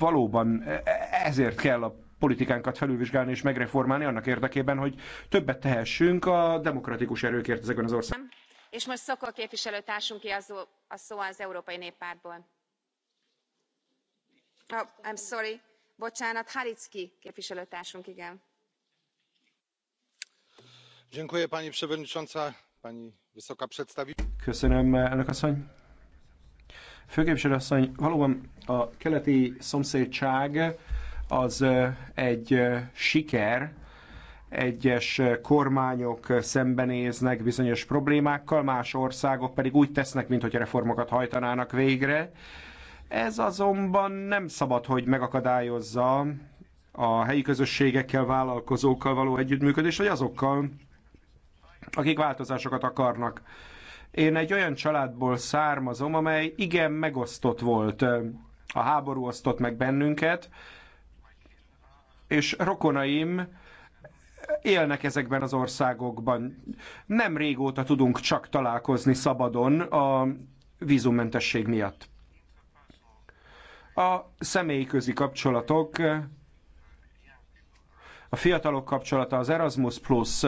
valóban e, e, ezért kell a politikánkat felülvizsgálni és megreformálni annak érdekében, hogy többet tehessünk a demokratikus erőkért ezekben az országban. És most Szokol képviselőtársunk ki a szó, a szó az Európai Néppártból. Oh, I'm sorry. Bocsánat, Haricki képviselőtársunk, igen. Dziękuję pani przewodnicząca, pani wysoka przedstawiciel. Köszönöm, elnök asszony. Főképviselőasszony, valóban a keleti szomszédság az egy siker, egyes kormányok szembenéznek bizonyos problémákkal, más országok pedig úgy tesznek, mintha reformokat hajtanának végre. Ez azonban nem szabad, hogy megakadályozza a helyi közösségekkel, vállalkozókkal való együttműködés, vagy azokkal, akik változásokat akarnak. Én egy olyan családból származom, amely igen megosztott volt. A háború osztott meg bennünket, és rokonaim élnek ezekben az országokban. Nem régóta tudunk csak találkozni szabadon a vízummentesség miatt. A személyközi kapcsolatok, a fiatalok kapcsolata, az Erasmus Plus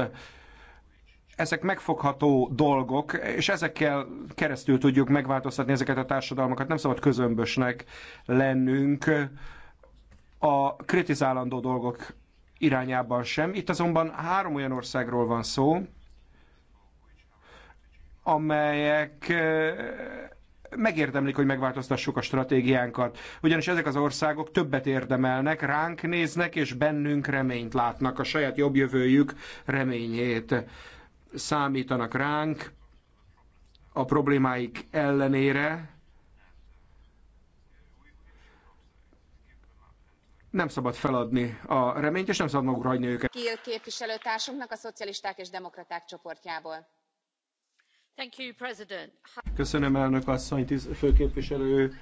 ezek megfogható dolgok, és ezekkel keresztül tudjuk megváltoztatni ezeket a társadalmakat. Nem szabad közömbösnek lennünk a kritizálandó dolgok irányában sem. Itt azonban három olyan országról van szó, amelyek megérdemlik, hogy megváltoztassuk a stratégiánkat. Ugyanis ezek az országok többet érdemelnek, ránk néznek, és bennünk reményt látnak, a saját jobb jövőjük reményét számítanak ránk a problémáik ellenére. Nem szabad feladni a reményt, és nem szabad magukra hagyni őket. Kiel képviselőtársunknak a szocialisták és demokraták csoportjából. Thank you, President. Köszönöm, elnök asszony, főképviselő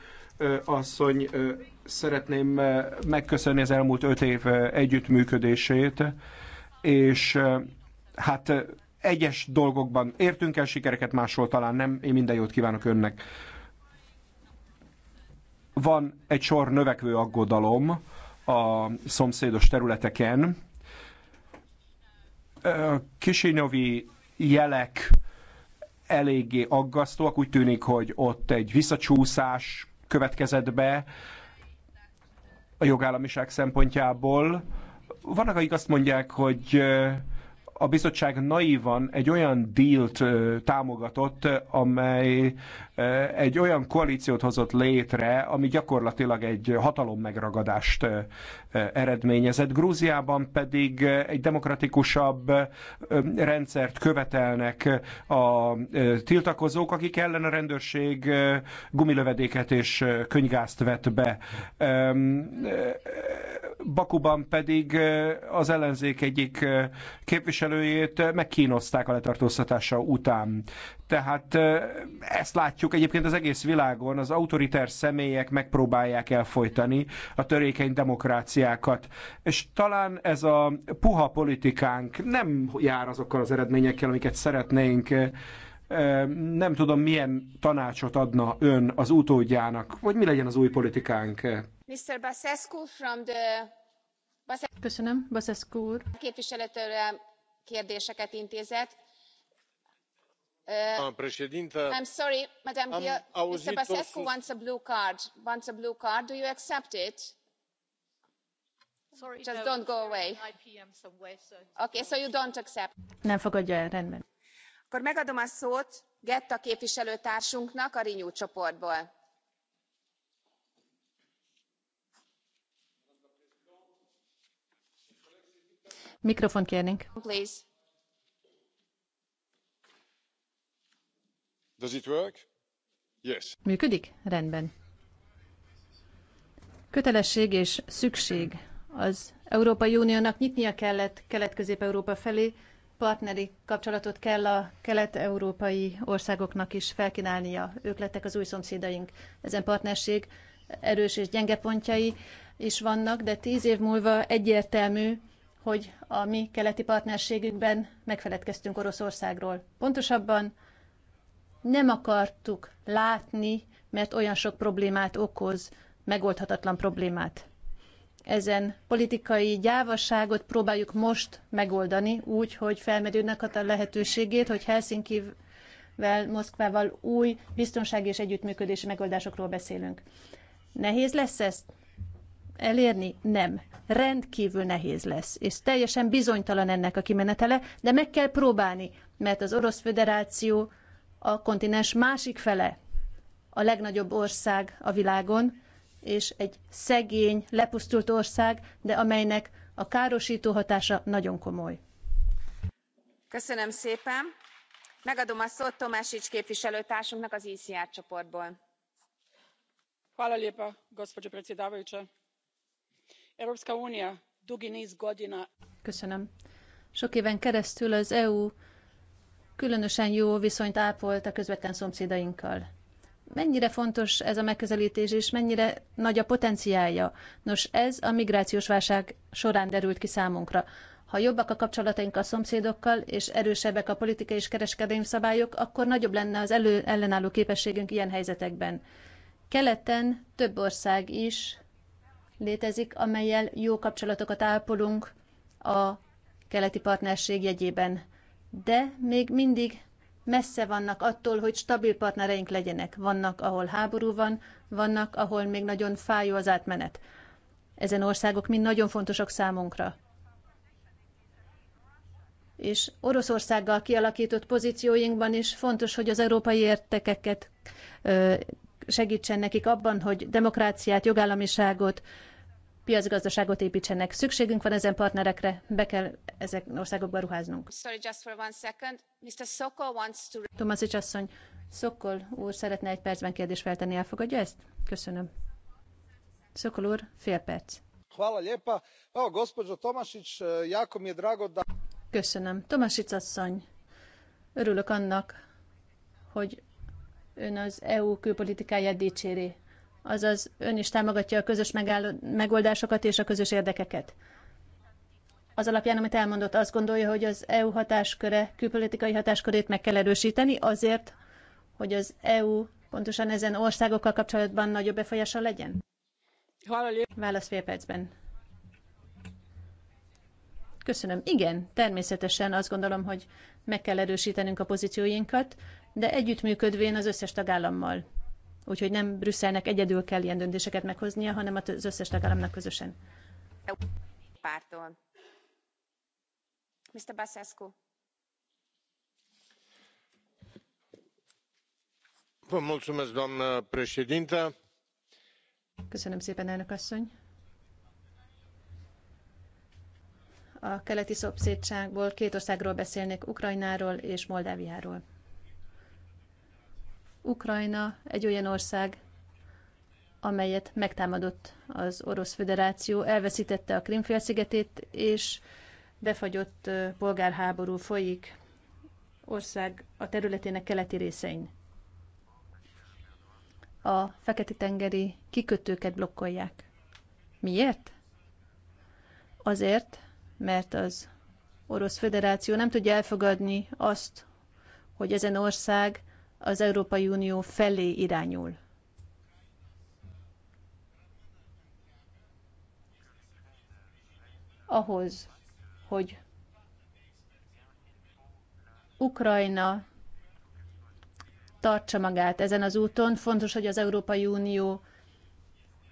asszony, szeretném megköszönni az elmúlt öt év együttműködését, és hát egyes dolgokban értünk el sikereket, máshol talán nem. Én minden jót kívánok önnek. Van egy sor növekvő aggodalom a szomszédos területeken. Kisinyovi jelek eléggé aggasztóak. Úgy tűnik, hogy ott egy visszacsúszás következett be a jogállamiság szempontjából. Vannak, akik azt mondják, hogy a bizottság naívan egy olyan dílt támogatott, amely egy olyan koalíciót hozott létre, ami gyakorlatilag egy hatalom megragadást eredményezett. Grúziában pedig egy demokratikusabb rendszert követelnek a tiltakozók, akik ellen a rendőrség gumilövedéket és könygázt vett be. Bakuban pedig az ellenzék egyik képviselő képviselőjét megkínozták a letartóztatása után. Tehát ezt látjuk egyébként az egész világon, az autoriter személyek megpróbálják elfolytani a törékeny demokráciákat. És talán ez a puha politikánk nem jár azokkal az eredményekkel, amiket szeretnénk. Nem tudom, milyen tanácsot adna ön az utódjának, vagy mi legyen az új politikánk. Mr. Basescu from the... Köszönöm, Basescu úr. Képviselőtől kérdéseket intézett. elnök asszony i'm sorry madam mr basescu wants a blue card. wants a blue card. do you accept it? Sorry. just don't go away. okay so you don't accept. nem fogadja el rendben. akkor megadom a szót getta képviselőtársunknak a renew csoportból. Mikrofon kérnénk. Does it work? Yes. Működik? Rendben. Kötelesség és szükség az Európai Uniónak nyitnia kellett Kelet-Közép-Európa felé, partneri kapcsolatot kell a kelet-európai országoknak is felkínálnia. Ők lettek az új szomszédaink. Ezen partnerség erős és gyenge pontjai is vannak, de tíz év múlva egyértelmű, hogy a mi keleti partnerségünkben megfeledkeztünk Oroszországról. Pontosabban nem akartuk látni, mert olyan sok problémát okoz, megoldhatatlan problémát. Ezen politikai gyávasságot próbáljuk most megoldani, úgy, hogy felmerülnek a lehetőségét, hogy Helsinki vel Moszkvával új biztonsági és együttműködési megoldásokról beszélünk. Nehéz lesz ezt? elérni? Nem. Rendkívül nehéz lesz, és teljesen bizonytalan ennek a kimenetele, de meg kell próbálni, mert az Orosz Föderáció a kontinens másik fele, a legnagyobb ország a világon, és egy szegény, lepusztult ország, de amelynek a károsító hatása nagyon komoly. Köszönöm szépen. Megadom a szót Tomásics képviselőtársunknak az ICR csoportból. Hvala lépa, gospodin predsedavajúcsa dugi niz godina... Köszönöm. Sok éven keresztül az EU különösen jó viszonyt ápolt a közvetlen szomszédainkkal. Mennyire fontos ez a megközelítés, és mennyire nagy a potenciálja? Nos, ez a migrációs válság során derült ki számunkra. Ha jobbak a kapcsolataink a szomszédokkal, és erősebbek a politikai és kereskedelmi szabályok, akkor nagyobb lenne az elő, ellenálló képességünk ilyen helyzetekben. Keleten több ország is létezik, amelyel jó kapcsolatokat ápolunk a keleti partnerség jegyében. De még mindig messze vannak attól, hogy stabil partnereink legyenek. Vannak, ahol háború van, vannak, ahol még nagyon fájó az átmenet. Ezen országok mind nagyon fontosak számunkra. És Oroszországgal kialakított pozícióinkban is fontos, hogy az európai értekeket segítsen nekik abban, hogy demokráciát, jogállamiságot, piacgazdaságot építsenek. Szükségünk van ezen partnerekre, be kell ezek országokba ruháznunk. Sorry, just for one second. Mr. Sokol wants to... Tomasics asszony, Szokol úr szeretne egy percben kérdést feltenni, elfogadja ezt? Köszönöm. Szokol úr, fél perc. E, Köszönöm. Tomasic asszony, örülök annak, hogy ön az EU külpolitikáját dicséri azaz ön is támogatja a közös megoldásokat és a közös érdekeket. Az alapján, amit elmondott, azt gondolja, hogy az EU hatásköre, külpolitikai hatáskörét meg kell erősíteni azért, hogy az EU pontosan ezen országokkal kapcsolatban nagyobb befolyása legyen? Válasz fél percben. Köszönöm. Igen, természetesen azt gondolom, hogy meg kell erősítenünk a pozícióinkat, de együttműködvén az összes tagállammal. Úgyhogy nem Brüsszelnek egyedül kell ilyen döntéseket meghoznia, hanem az összes tagállamnak közösen. Párton. Mr. Basescu. doamnă președintă köszönöm szépen elnök asszony a keleti szobszédságból két országról beszélnék ukrajnáról és moldáviáról. Ukrajna egy olyan ország, amelyet megtámadott az Orosz Föderáció, elveszítette a Krimfélszigetét, és befagyott polgárháború folyik ország a területének keleti részein. A Fekete-tengeri kikötőket blokkolják. Miért? Azért, mert az Orosz Föderáció nem tudja elfogadni azt, hogy ezen ország az Európai Unió felé irányul. Ahhoz, hogy Ukrajna tartsa magát ezen az úton, fontos, hogy az Európai Unió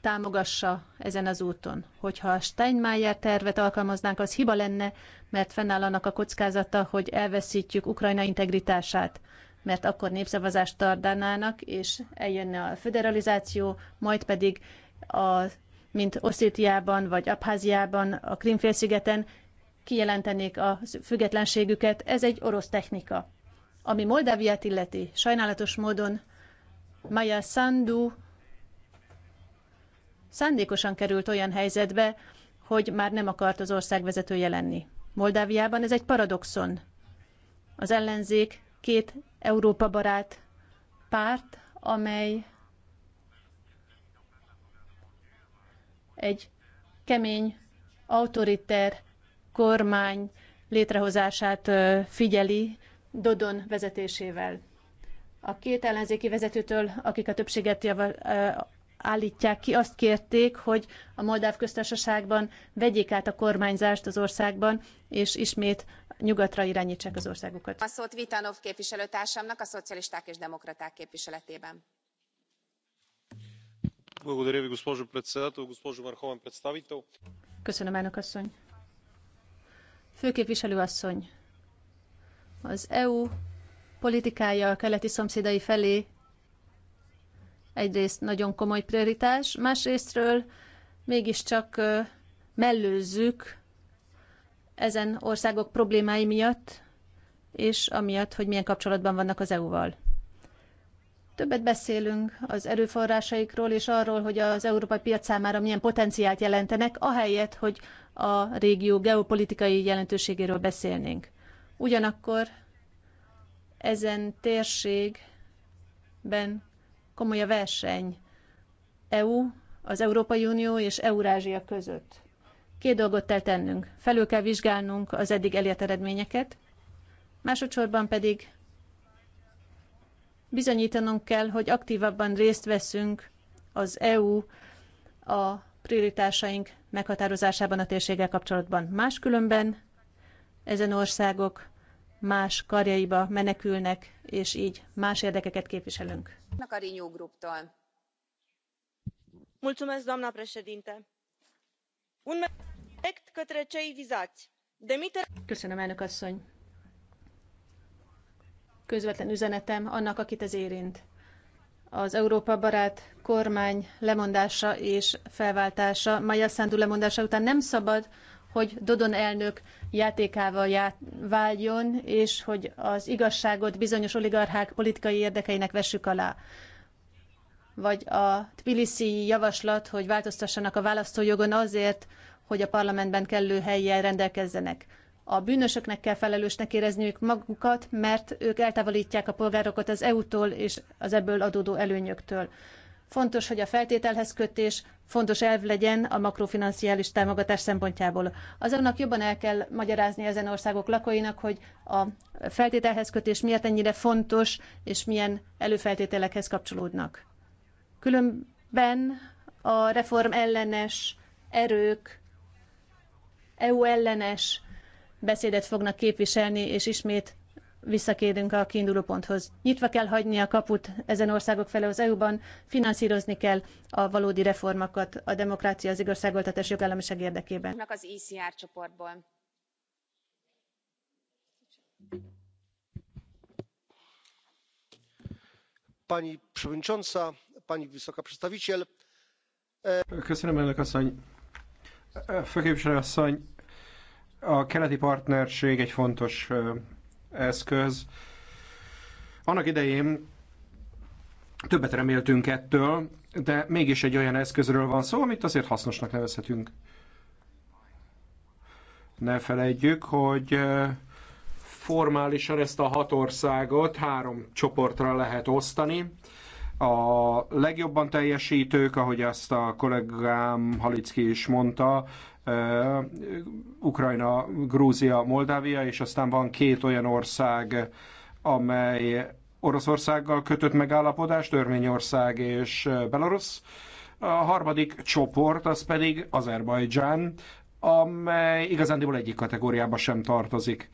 támogassa ezen az úton. Hogyha a Steinmeier tervet alkalmaznánk, az hiba lenne, mert fennáll annak a kockázata, hogy elveszítjük Ukrajna integritását mert akkor népszavazást tartanának, és eljönne a föderalizáció, majd pedig a, mint Oszétiában vagy Abháziában, a Krimfélszigeten kijelentenék a függetlenségüket. Ez egy orosz technika. Ami Moldáviát illeti, sajnálatos módon Maja Sandu szándékosan került olyan helyzetbe, hogy már nem akart az ország vezetője lenni. Moldáviában ez egy paradoxon. Az ellenzék két Európa barát párt, amely egy kemény, autoriter kormány létrehozását figyeli Dodon vezetésével. A két ellenzéki vezetőtől, akik a többséget java, állítják ki, azt kérték, hogy a Moldáv köztársaságban vegyék át a kormányzást az országban, és ismét nyugatra irányítsák az országokat. A szót Vitanov képviselőtársamnak a szocialisták és demokraták képviseletében. Köszönöm, elnök asszony. Főképviselő asszony, az EU politikája a keleti szomszédai felé egyrészt nagyon komoly prioritás, másrésztről mégiscsak mellőzzük ezen országok problémái miatt, és amiatt, hogy milyen kapcsolatban vannak az EU-val. Többet beszélünk az erőforrásaikról és arról, hogy az európai piac számára milyen potenciált jelentenek, ahelyett, hogy a régió geopolitikai jelentőségéről beszélnénk. Ugyanakkor ezen térségben komoly a verseny EU, az Európai Unió és Eurázsia között. Két dolgot kell tennünk. Felül kell vizsgálnunk az eddig elért eredményeket, másodszorban pedig bizonyítanunk kell, hogy aktívabban részt veszünk az EU a prioritásaink meghatározásában a térséggel kapcsolatban. Máskülönben ezen országok más karjaiba menekülnek, és így más érdekeket képviselünk. doamna președinte. un direct către cei vizați. Köszönöm, elnök asszony. Közvetlen üzenetem annak, akit ez érint. Az Európa barát kormány lemondása és felváltása, Maja Szándú lemondása után nem szabad, hogy Dodon elnök játékával ját, váljon, és hogy az igazságot bizonyos oligarchák politikai érdekeinek vessük alá. Vagy a tbilisi javaslat, hogy változtassanak a választójogon azért, hogy a parlamentben kellő helyjel rendelkezzenek. A bűnösöknek kell felelősnek érezniük magukat, mert ők eltávolítják a polgárokat az EU-tól és az ebből adódó előnyöktől. Fontos, hogy a feltételhez kötés fontos elv legyen a makrofinanciális támogatás szempontjából. Azonnak jobban el kell magyarázni ezen országok lakóinak, hogy a feltételhez kötés miért ennyire fontos, és milyen előfeltételekhez kapcsolódnak. Különben a reform ellenes erők, EU ellenes beszédet fognak képviselni, és ismét visszakérünk a kiinduló ponthoz. Nyitva kell hagyni a kaput ezen országok felé az EU-ban, finanszírozni kell a valódi reformokat a demokrácia, az igazságoltatás jogállamiság érdekében. Az ICR e csoportból. Pani przewodnicząca, pani wysoka przedstawiciel. Köszönöm, elnök asszony. Főképviselő asszony, a keleti partnerség egy fontos eszköz. Annak idején többet reméltünk ettől, de mégis egy olyan eszközről van szó, amit azért hasznosnak nevezhetünk. Ne felejtjük, hogy formálisan ezt a hat országot három csoportra lehet osztani. A legjobban teljesítők, ahogy azt a kollégám Halicki is mondta, Ukrajna, Grúzia, Moldávia, és aztán van két olyan ország, amely Oroszországgal kötött megállapodást, Örményország és Belarus. A harmadik csoport az pedig Azerbajdzsán, amely igazándiból egyik kategóriába sem tartozik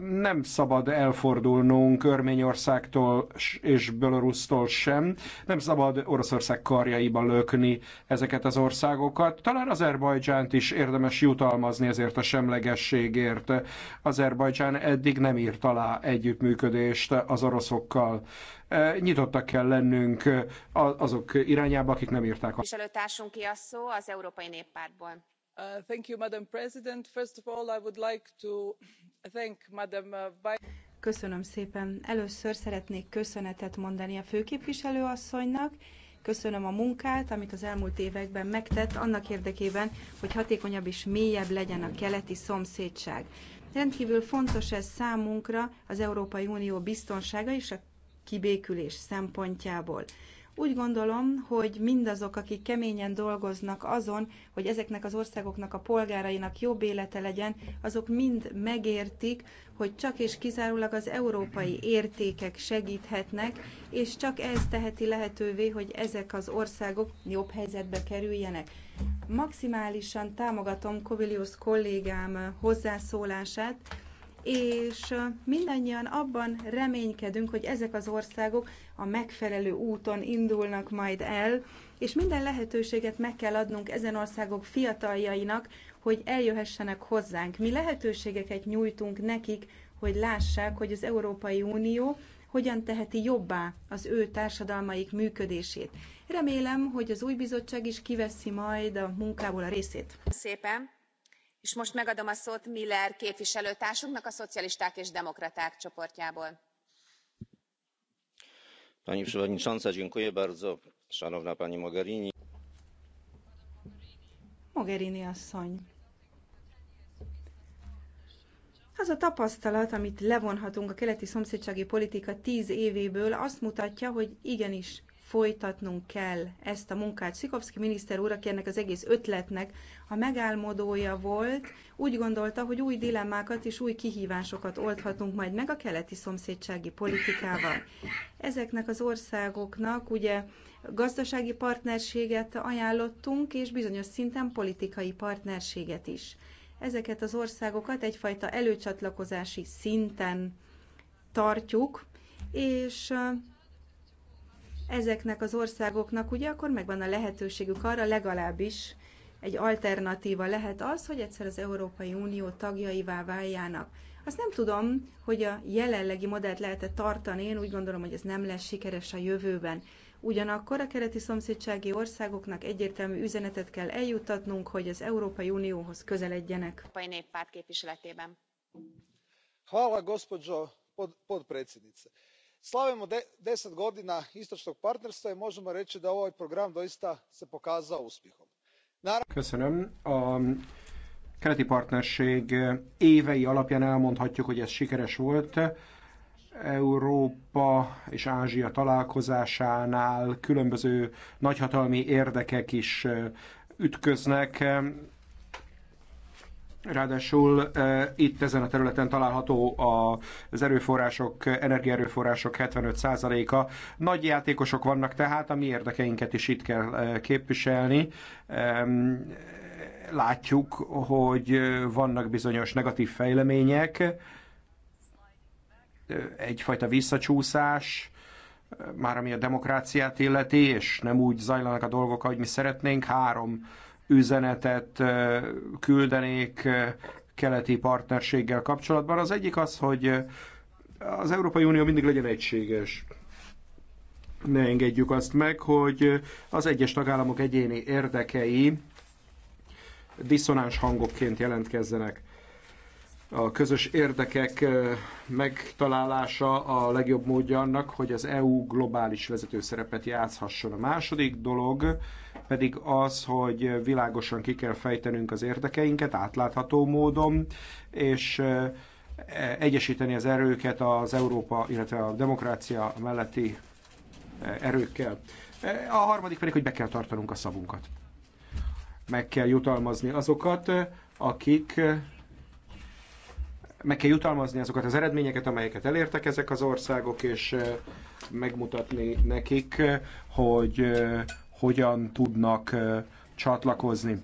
nem szabad elfordulnunk Örményországtól és Belorussztól sem, nem szabad Oroszország karjaiba lökni ezeket az országokat. Talán Azerbajdzsánt is érdemes jutalmazni ezért a semlegességért. Azerbajdzsán eddig nem írt alá együttműködést az oroszokkal. E, nyitottak kell lennünk azok irányába, akik nem írták. Képviselőtársunk ki a szó az Európai Néppártból. Uh, madam president first of all i would like to thank madam uh, Köszönöm szépen. Először szeretnék köszönetet mondani a főképviselő asszonynak. Köszönöm a munkát, amit az elmúlt években megtett annak érdekében, hogy hatékonyabb és mélyebb legyen a keleti szomszédság. rendkvül fontos ez számunkra az Európai Unió biztonsága és a kibékülés szempontjából. Úgy gondolom, hogy mindazok, akik keményen dolgoznak azon, hogy ezeknek az országoknak a polgárainak jobb élete legyen, azok mind megértik, hogy csak és kizárólag az európai értékek segíthetnek, és csak ez teheti lehetővé, hogy ezek az országok jobb helyzetbe kerüljenek. Maximálisan támogatom Kovilius kollégám hozzászólását, és mindannyian abban reménykedünk, hogy ezek az országok a megfelelő úton indulnak majd el, és minden lehetőséget meg kell adnunk ezen országok fiataljainak, hogy eljöhessenek hozzánk. Mi lehetőségeket nyújtunk nekik, hogy lássák, hogy az Európai Unió hogyan teheti jobbá az ő társadalmaik működését. Remélem, hogy az új bizottság is kiveszi majd a munkából a részét. Szépen! és most megadom a szót miller képviselőtársunknak a és demokraták csoportjából. szanowna pani mogherini! mogherini asszony az a tapasztalat, amit levonhatunk a keleti szomszédsági politika tz évéből, azt mutatja, hogy igenis folytatnunk kell ezt a munkát. Szikovszki miniszter úr, aki ennek az egész ötletnek a megálmodója volt, úgy gondolta, hogy új dilemmákat és új kihívásokat oldhatunk majd meg a keleti szomszédsági politikával. Ezeknek az országoknak ugye gazdasági partnerséget ajánlottunk, és bizonyos szinten politikai partnerséget is. Ezeket az országokat egyfajta előcsatlakozási szinten tartjuk, és ezeknek az országoknak ugye akkor megvan a lehetőségük arra legalábbis, egy alternatíva lehet az, hogy egyszer az Európai Unió tagjaivá váljának. Azt nem tudom, hogy a jelenlegi modellt lehet-e tartani, én úgy gondolom, hogy ez nem lesz sikeres a jövőben. Ugyanakkor a keleti szomszédsági országoknak egyértelmű üzenetet kell eljuttatnunk, hogy az Európai Unióhoz közeledjenek. A Néppárt képviseletében. Hála, gospođo podpredsednice slavimo deset godina istonog partnerstva i moemo rei da ovaj program doista pokazao uspjehom. Köszönöm. A keleti partnerség évei alapján elmondhatjuk, hogy ez sikeres volt. Európa és Ázsia találkozásánál különböző nagyhatalmi érdekek is ütköznek. Ráadásul eh, itt ezen a területen található az erőforrások, energiaerőforrások 75%-a. Nagy játékosok vannak tehát, a mi érdekeinket is itt kell eh, képviselni. Látjuk, hogy eh, vannak bizonyos negatív fejlemények, egyfajta visszacsúszás, már ami a demokráciát illeti, és nem úgy zajlanak a dolgok, ahogy mi szeretnénk. Három üzenetet küldenék keleti partnerséggel kapcsolatban. Az egyik az, hogy az Európai Unió mindig legyen egységes. Ne engedjük azt meg, hogy az egyes tagállamok egyéni érdekei diszonáns hangokként jelentkezzenek a közös érdekek megtalálása a legjobb módja annak, hogy az EU globális vezető szerepet játszhasson. A második dolog pedig az, hogy világosan ki kell fejtenünk az érdekeinket átlátható módon, és e, egyesíteni az erőket az Európa, illetve a demokrácia melletti e, erőkkel. E, a harmadik pedig, hogy be kell tartanunk a szavunkat. Meg kell jutalmazni azokat, akik meg kell jutalmazni azokat az eredményeket, amelyeket elértek ezek az országok, és megmutatni nekik, hogy hogyan tudnak csatlakozni.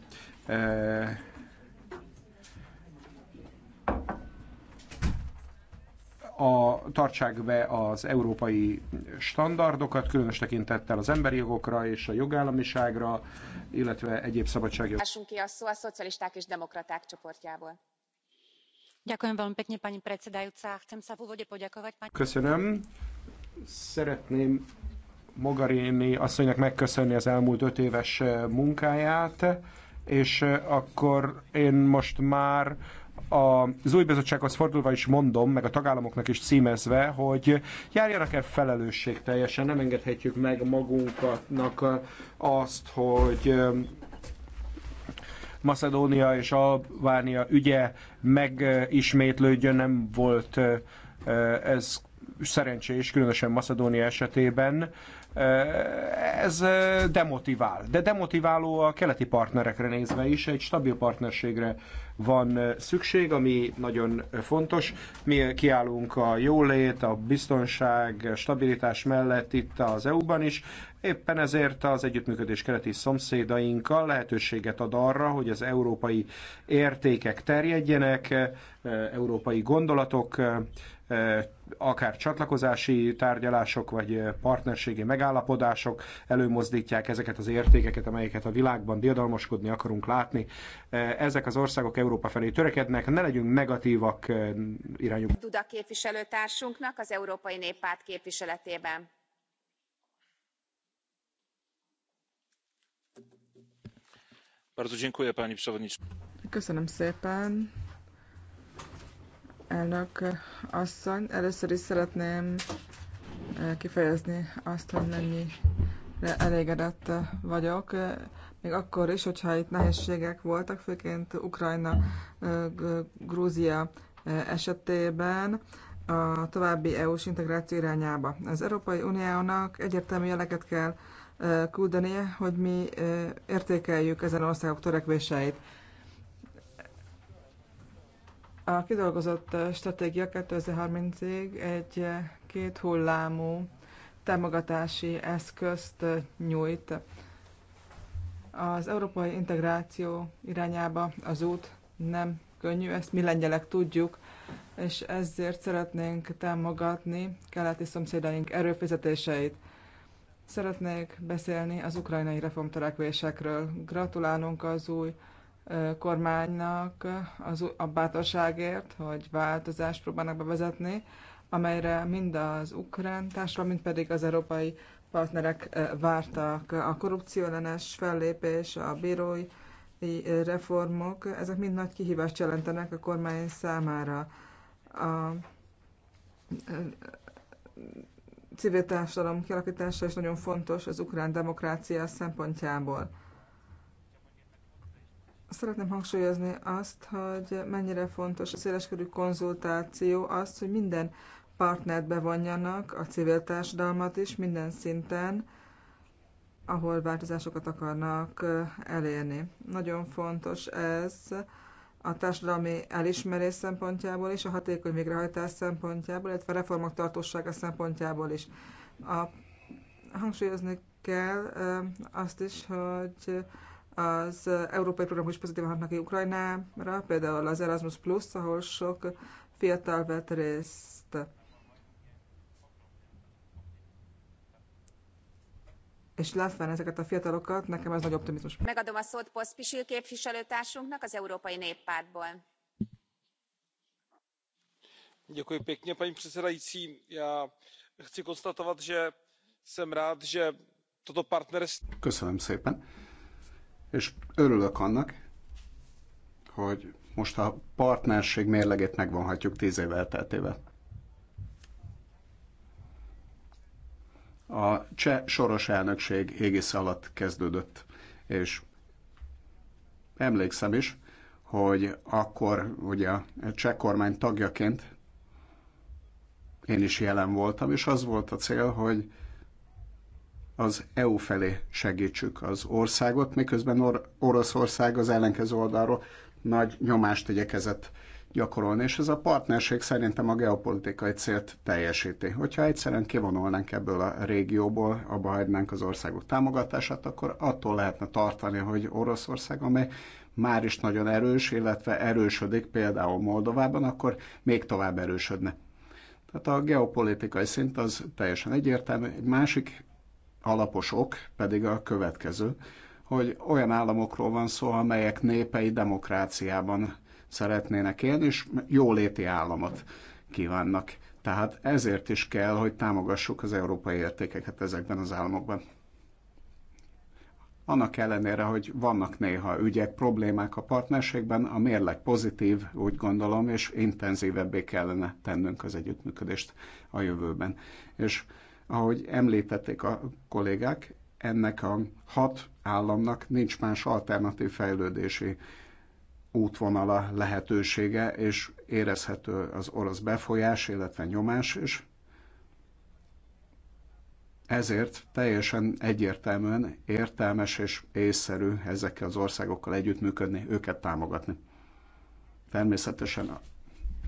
a, tartsák be az európai standardokat, különös tekintettel az emberi jogokra és a jogállamiságra, illetve egyéb szabadságjogokra. Lássunk ki a szó a szocialisták és demokraták csoportjából. Köszönöm. Szeretném Mogarini asszonynak megköszönni az elmúlt öt éves eh, munkáját, és eh, akkor én most már az új bizottsághoz fordulva is mondom, meg a tagállamoknak is címezve, hogy járjanak el teljesen, nem engedhetjük meg magunknak eh, azt, hogy Macedónia és Albánia ügye megismétlődjön, nem volt eh, ez szerencsés, különösen Macedónia esetében. Ez demotivál. De demotiváló a keleti partnerekre nézve is. Egy stabil partnerségre van szükség, ami nagyon fontos. Mi kiállunk a jólét, a biztonság, a stabilitás mellett itt az EU-ban is. Éppen ezért az együttműködés keleti szomszédainkkal lehetőséget ad arra, hogy az európai értékek terjedjenek, európai gondolatok akár csatlakozási tárgyalások, vagy eh, partnerségi megállapodások előmozdítják ezeket az értékeket, amelyeket a világban diadalmaskodni akarunk látni. Eh, ezek az országok Európa felé törekednek, ne legyünk negatívak eh, irányú. Duda képviselőtársunknak az Európai Néppárt képviseletében. Köszönöm szépen, elnök asszony. Először is szeretném kifejezni azt, hogy mennyi elégedett vagyok, még akkor is, hogyha itt nehézségek voltak, főként Ukrajna, Grúzia esetében a további EU-s integráció irányába. Az Európai Uniónak egyértelmű jeleket kell küldenie, hogy mi értékeljük ezen országok törekvéseit. A kidolgozott stratégia 2030-ig egy két hullámú támogatási eszközt nyújt. Az európai integráció irányába az út nem könnyű, ezt mi lengyelek tudjuk, és ezért szeretnénk támogatni keleti szomszédaink erőfizetéseit. Szeretnék beszélni az ukrajnai reformtörekvésekről. Gratulálunk az új kormánynak az, a bátorságért, hogy változást próbálnak bevezetni, amelyre mind az ukrán társadalom, mind pedig az európai partnerek vártak. A korrupcióellenes fellépés, a bírói reformok, ezek mind nagy kihívást jelentenek a kormány számára. A civil társadalom kialakítása is nagyon fontos az ukrán demokrácia szempontjából. Szeretném hangsúlyozni azt, hogy mennyire fontos a széleskörű konzultáció, az, hogy minden partnert bevonjanak, a civil társadalmat is minden szinten, ahol változásokat akarnak elérni. Nagyon fontos ez a társadalmi elismerés szempontjából és a hatékony végrehajtás szempontjából, illetve a reformok tartósága szempontjából is. A, hangsúlyozni kell azt is, hogy az európai programok is pozitívan hatnak Ukrajnára, például az Erasmus Plus, ahol sok fiatal vett részt. És látva ezeket a fiatalokat, nekem ez nagy optimizmus. Megadom a szót Poszpisil képviselőtársunknak az Európai Néppártból. Děkuji pěkně, paní předsedající. Já chci konstatovat, že jsem rád, že toto partnerství... Köszönöm szépen és örülök annak, hogy most a partnerség mérlegét megvonhatjuk tíz év elteltével. A cseh soros elnökség égész alatt kezdődött, és emlékszem is, hogy akkor ugye a cseh kormány tagjaként én is jelen voltam, és az volt a cél, hogy az EU felé segítsük az országot, miközben Or- Oroszország az ellenkező oldalról nagy nyomást igyekezett gyakorolni, és ez a partnerség szerintem a geopolitikai célt teljesíti. Hogyha egyszerűen kivonulnánk ebből a régióból, abba hagynánk az országok támogatását, akkor attól lehetne tartani, hogy Oroszország, amely már is nagyon erős, illetve erősödik például Moldovában, akkor még tovább erősödne. Tehát a geopolitikai szint az teljesen egyértelmű. Egy másik alapos ok pedig a következő, hogy olyan államokról van szó, amelyek népei demokráciában szeretnének élni, és jóléti államot kívánnak. Tehát ezért is kell, hogy támogassuk az európai értékeket ezekben az államokban. Annak ellenére, hogy vannak néha ügyek, problémák a partnerségben, a mérleg pozitív, úgy gondolom, és intenzívebbé kellene tennünk az együttműködést a jövőben. És ahogy említették a kollégák, ennek a hat államnak nincs más alternatív fejlődési útvonala, lehetősége, és érezhető az orosz befolyás, illetve nyomás is. Ezért teljesen egyértelműen értelmes és észszerű ezekkel az országokkal együttműködni, őket támogatni. Természetesen a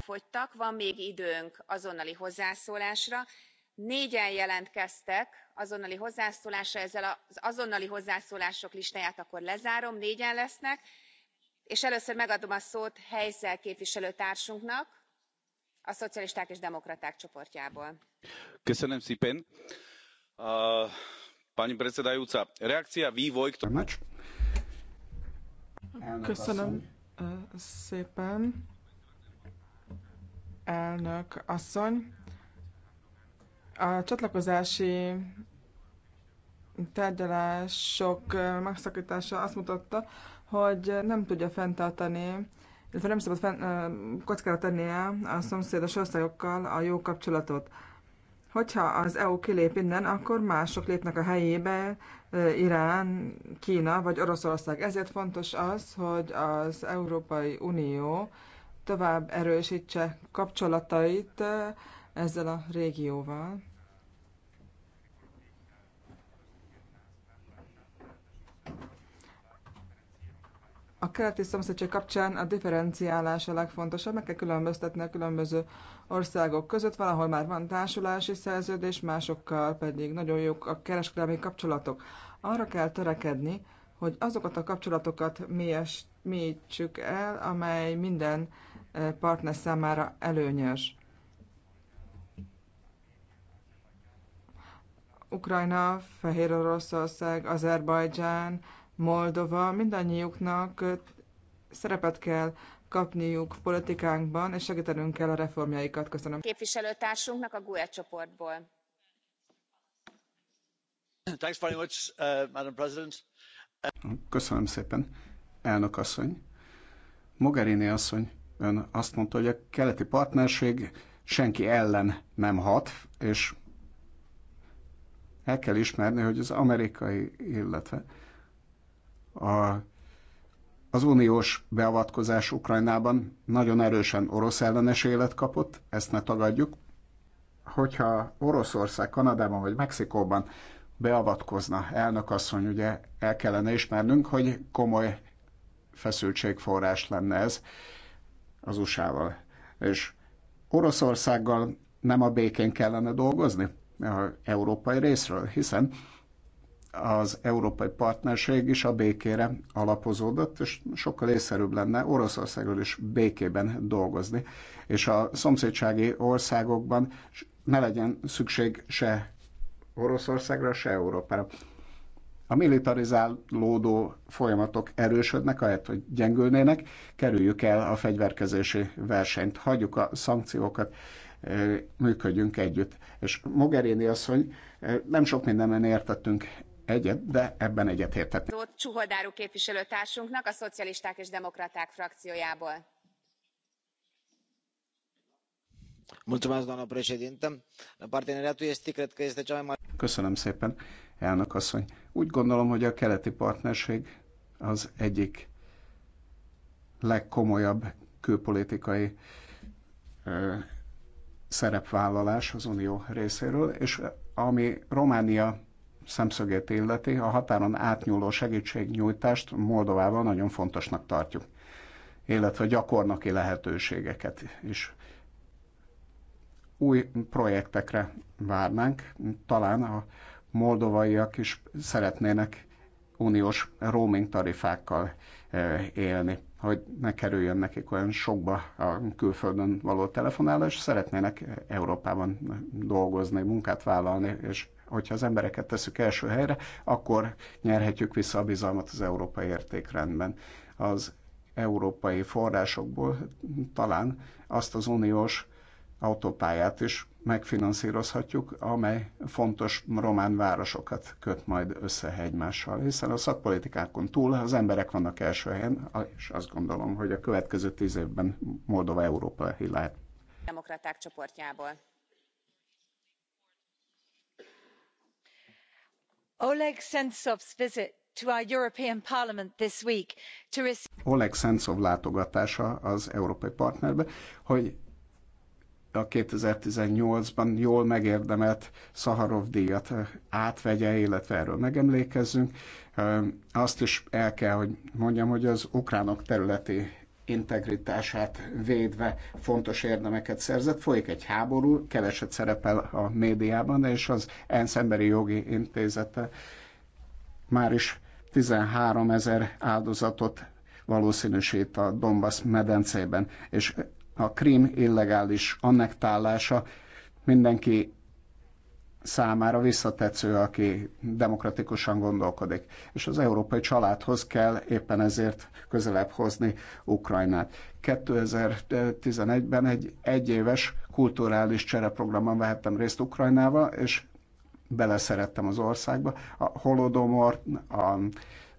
fogytak van még időnk azonnali hozzászólásra négyen jelentkeztek azonnali hozzászólásra ezzel az azonnali hozzászólások listáját akkor lezárom négyen lesznek és először megadom a szót heyser képviselőtársunknak a szocialisták és demokraták csoportjából. pani predsedajúca reakcia vývoj. köszönöm szépen elnök asszony! A csatlakozási tárgyalások megszakítása azt mutatta, hogy nem tudja fenntartani, illetve nem szabad fenn, kockára tennie a szomszédos országokkal a jó kapcsolatot. Hogyha az EU kilép innen, akkor mások lépnek a helyébe, Irán, Kína vagy Oroszország. Ezért fontos az, hogy az Európai Unió tovább erősítse kapcsolatait ezzel a régióval. A keleti szomszédség kapcsán a differenciálás a legfontosabb, meg kell különböztetni a különböző országok között, valahol már van társulási szerződés, másokkal pedig nagyon jók a kereskedelmi kapcsolatok. Arra kell törekedni, hogy azokat a kapcsolatokat mélyítsük el, amely minden eh, partner számára előnyös. Ukrajna, Fehér Oroszország, Azerbajdzsán, Moldova, mindannyiuknak szerepet kell kapniuk politikánkban, és segítenünk kell a reformjaikat. Köszönöm. Képviselőtársunknak a GUE csoportból. Uh, Köszönöm szépen, elnök asszony. Mogherini asszony, ön azt mondta, hogy a keleti partnerség senki ellen nem hat, és el kell ismerni, hogy az amerikai, illetve a, az uniós beavatkozás Ukrajnában nagyon erősen orosz ellenes élet kapott, ezt ne tagadjuk. Hogyha Oroszország, Kanadában vagy Mexikóban beavatkozna asszony, ugye el kellene ismernünk, hogy komoly feszültségforrás lenne ez az USA-val. És Oroszországgal nem a békén kellene dolgozni? európai részről, hiszen az európai partnerség is a békére alapozódott, és sokkal észszerűbb lenne Oroszországról is békében dolgozni, és a szomszédsági országokban ne legyen szükség se Oroszországra, se Európára. A militarizálódó folyamatok erősödnek, ahelyett, hogy gyengülnének, kerüljük el a fegyverkezési versenyt, hagyjuk a szankciókat működjünk együtt. És Mogherini asszony, nem sok mindenben értettünk egyet, de ebben egyet Zót Csuhodáru képviselőtársunknak a Szocialisták és Demokraták frakciójából. doamnă președintă parteneriatul estic cred că este cea mai mare. Köszönöm szépen, elnök asszony. Úgy gondolom, hogy a keleti partnerség az egyik legkomolyabb külpolitikai szerepvállalás az Unió részéről, és ami Románia szemszögét illeti, a határon átnyúló segítségnyújtást Moldovával nagyon fontosnak tartjuk, illetve gyakornoki lehetőségeket is. Új projektekre várnánk, talán a moldovaiak is szeretnének uniós roaming tarifákkal eh, élni hogy ne kerüljön nekik olyan sokba a külföldön való telefonálás, szeretnének Európában dolgozni, munkát vállalni, és hogyha az embereket teszük első helyre, akkor nyerhetjük vissza a bizalmat az európai értékrendben. Az európai forrásokból talán azt az uniós autópályát is megfinanszírozhatjuk, amely fontos román városokat köt majd össze egymással, hiszen a szakpolitikákon túl az emberek vannak első helyen, és azt gondolom, hogy a következő tíz évben Moldova Európa lehet. Demokraták csoportjából. Oleg Sentsov's visit to our European Parliament this week to Oleg Sentsov látogatása az Európai Partnerbe, hogy a 2018-ban jól megérdemelt Szaharov díjat átvegye, illetve erről megemlékezzünk. Azt is el kell, hogy mondjam, hogy az ukránok területi integritását védve fontos érdemeket szerzett. Folyik egy háború, keveset szerepel a médiában, és az ENSZ Emberi Jogi Intézete már is 13 ezer áldozatot valószínűsít a Donbass medencében, és a krím illegális annektálása mindenki számára visszatetsző, aki demokratikusan gondolkodik. És az európai családhoz kell éppen ezért közelebb hozni Ukrajnát. 2011-ben egy egyéves kulturális csereprogramban vehettem részt Ukrajnával, és beleszerettem az országba. A holodomor, a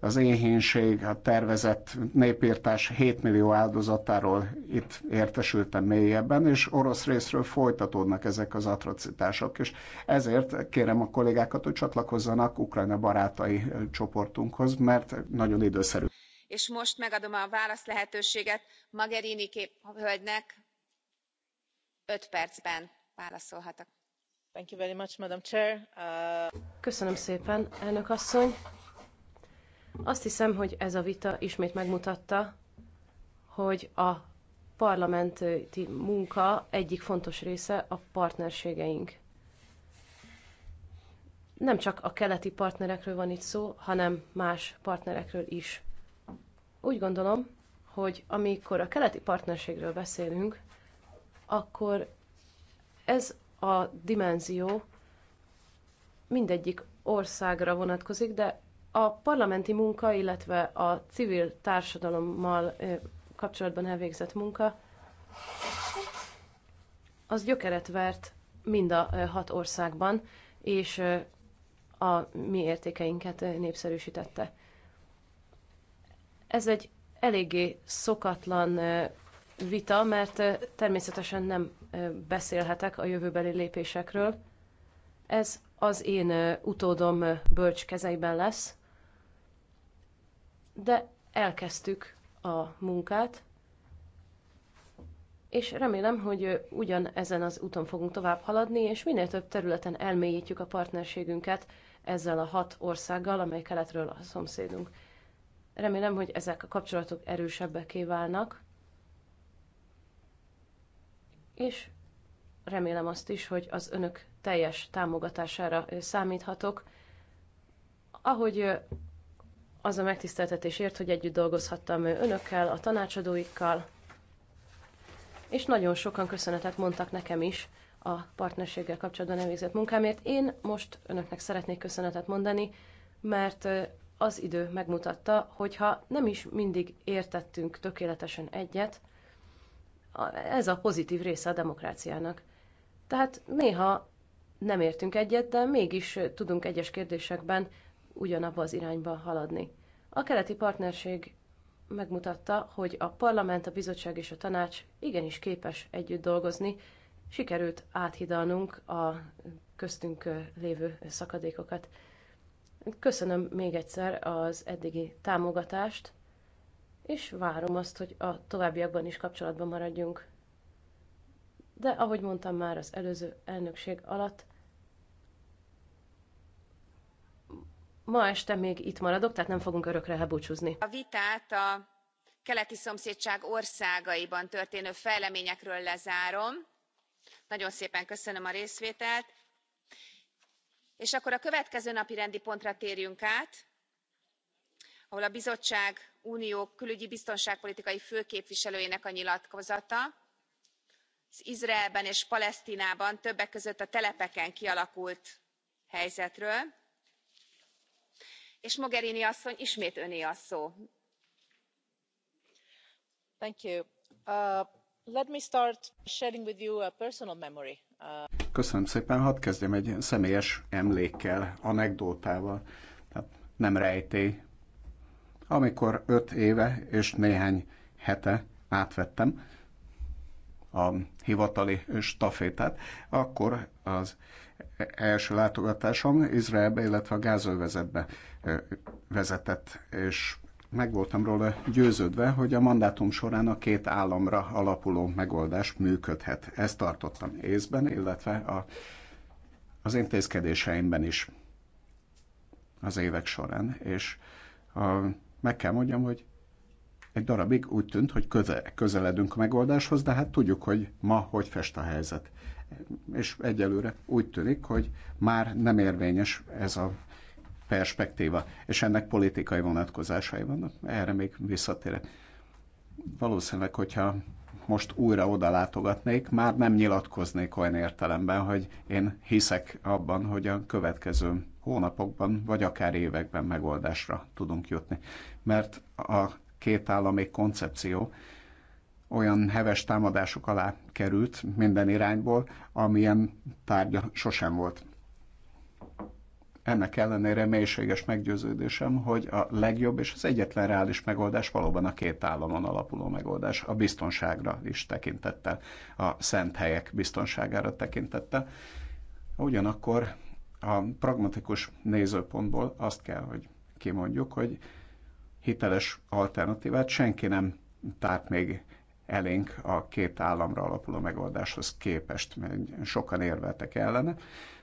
az éhínség, a tervezett népírtás 7 millió áldozatáról itt értesültem mélyebben, és orosz részről folytatódnak ezek az atrocitások, és ezért kérem a kollégákat, hogy csatlakozzanak Ukrajna barátai csoportunkhoz, mert nagyon időszerű. És most megadom a válasz lehetőséget Magerini kép hölgynek. Öt percben válaszolhatok. Thank you very much, Madam Chair. Uh... Köszönöm szépen, elnök asszony. Azt hiszem, hogy ez a vita ismét megmutatta, hogy a parlamenti munka egyik fontos része a partnerségeink. Nem csak a keleti partnerekről van itt szó, hanem más partnerekről is. Úgy gondolom, hogy amikor a keleti partnerségről beszélünk, akkor ez a dimenzió mindegyik országra vonatkozik, de a parlamenti munka, illetve a civil társadalommal kapcsolatban elvégzett munka, az gyökeret vert mind a hat országban, és a mi értékeinket népszerűsítette. Ez egy eléggé szokatlan vita, mert természetesen nem beszélhetek a jövőbeli lépésekről. Ez az én utódom bölcs kezeiben lesz, de elkezdtük a munkát, és remélem, hogy ugyan ezen az úton fogunk tovább haladni, és minél több területen elmélyítjük a partnerségünket ezzel a hat országgal, amely keletről a szomszédunk. Remélem, hogy ezek a kapcsolatok erősebbeké válnak, és remélem azt is, hogy az önök teljes támogatására számíthatok, ahogy az a megtiszteltetésért, hogy együtt dolgozhattam önökkel, a tanácsadóikkal, és nagyon sokan köszönetet mondtak nekem is a partnerséggel kapcsolatban elvégzett munkámért. Én most önöknek szeretnék köszönetet mondani, mert az idő megmutatta, hogyha nem is mindig értettünk tökéletesen egyet, ez a pozitív része a demokráciának. Tehát néha nem értünk egyet, de mégis tudunk egyes kérdésekben ugyanabba az irányba haladni. A keleti partnerség megmutatta, hogy a parlament, a bizottság és a tanács igenis képes együtt dolgozni, sikerült áthidalnunk a köztünk lévő szakadékokat. Köszönöm még egyszer az eddigi támogatást, és várom azt, hogy a továbbiakban is kapcsolatban maradjunk. De ahogy mondtam már az előző elnökség alatt, ma este még itt maradok, tehát nem fogunk örökre elbúcsúzni. A vitát a keleti szomszédság országaiban történő fejleményekről lezárom. Nagyon szépen köszönöm a részvételt. És akkor a következő napi rendi pontra térjünk át, ahol a bizottság unió külügyi biztonságpolitikai főképviselőjének a nyilatkozata az izraelben és palesztinában többek között a telepeken kialakult helyzetről és mogherini asszony ismét öné a szó. Uh, uh, köszönöm szépen hadd kezdjem egy személyes emlékkel anekdótával tehát nem rejtély. Amikor öt éve és néhány hete átvettem, a hivatali stafétát, akkor az első látogatásom Izraelbe, illetve a gázövezetbe vezetett, és meg voltam róla győződve, hogy a mandátum során a két államra alapuló megoldás működhet. Ezt tartottam észben, illetve a, az intézkedéseimben is az évek során, és a, meg kell mondjam, hogy egy darabig úgy tűnt, hogy köze, közeledünk a megoldáshoz, de hát tudjuk, hogy ma hogy fest a helyzet. És egyelőre úgy tűnik, hogy már nem érvényes ez a perspektíva, és ennek politikai vonatkozásai vannak. Erre még visszatérek. Valószínűleg, hogyha most újra oda látogatnék, már nem nyilatkoznék olyan értelemben, hogy én hiszek abban, hogy a következő hónapokban, vagy akár években megoldásra tudunk jutni. Mert a kétállami koncepció olyan heves támadások alá került minden irányból, amilyen tárgya sosem volt. Ennek ellenére mélységes meggyőződésem, hogy a legjobb és az egyetlen reális megoldás valóban a két államon alapuló megoldás, a biztonságra is tekintettel, a szent helyek biztonságára tekintettel. Ugyanakkor a pragmatikus nézőpontból azt kell, hogy kimondjuk, hogy hiteles alternatívát senki nem tárt még elénk a két államra alapuló megoldáshoz képest. mert Sokan érveltek ellene,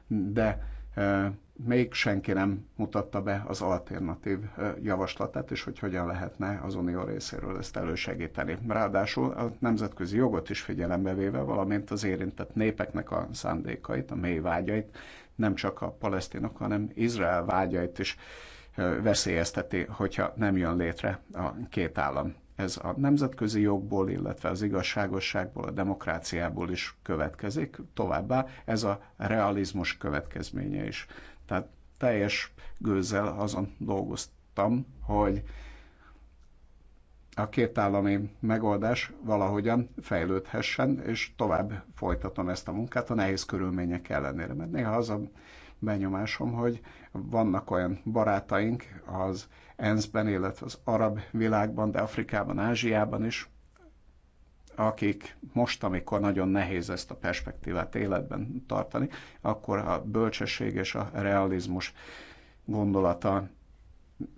de még senki nem mutatta be az alternatív javaslatát, és hogy hogyan lehetne az unió részéről ezt elősegíteni. Ráadásul a nemzetközi jogot is figyelembe véve, valamint az érintett népeknek a szándékait, a mély vágyait, nem csak a palesztinok, hanem Izrael vágyait is veszélyezteti, hogyha nem jön létre a két állam. Ez a nemzetközi jogból, illetve az igazságosságból, a demokráciából is következik, továbbá ez a realizmus következménye is. Tehát teljes gőzzel azon dolgoztam, hogy a kétállami megoldás valahogyan fejlődhessen, és tovább folytatom ezt a munkát a nehéz körülmények ellenére. Mert néha az a benyomásom, hogy vannak olyan barátaink az ENSZ-ben, illetve az arab világban, de Afrikában, Ázsiában is, akik most, amikor nagyon nehéz ezt a perspektívát életben tartani, akkor a bölcsesség és a realizmus gondolata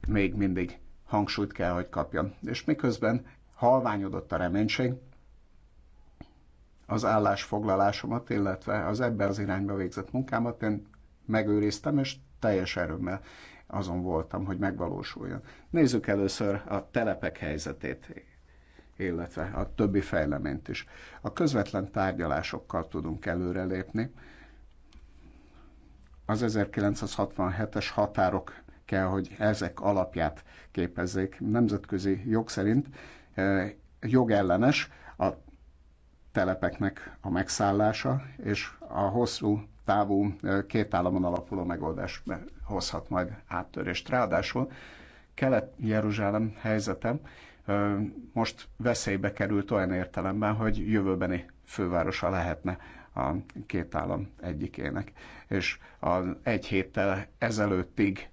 még mindig hangsúlyt kell, hogy kapjon. És miközben halványodott a reménység, az állásfoglalásomat, illetve az ebben az irányba végzett munkámat én megőriztem, és teljes erőmmel azon voltam, hogy megvalósuljon. Nézzük először a telepek helyzetét, illetve a többi fejleményt is. A közvetlen tárgyalásokkal tudunk előrelépni. Az 1967-es határok kell, hogy ezek alapját képezzék. Nemzetközi jog szerint eh, jogellenes a telepeknek a megszállása, és a hosszú távú két államon alapuló megoldás hozhat majd áttörést. Ráadásul Kelet-Jeruzsálem helyzete most veszélybe került olyan értelemben, hogy jövőbeni fővárosa lehetne a két állam egyikének. És az egy héttel ezelőttig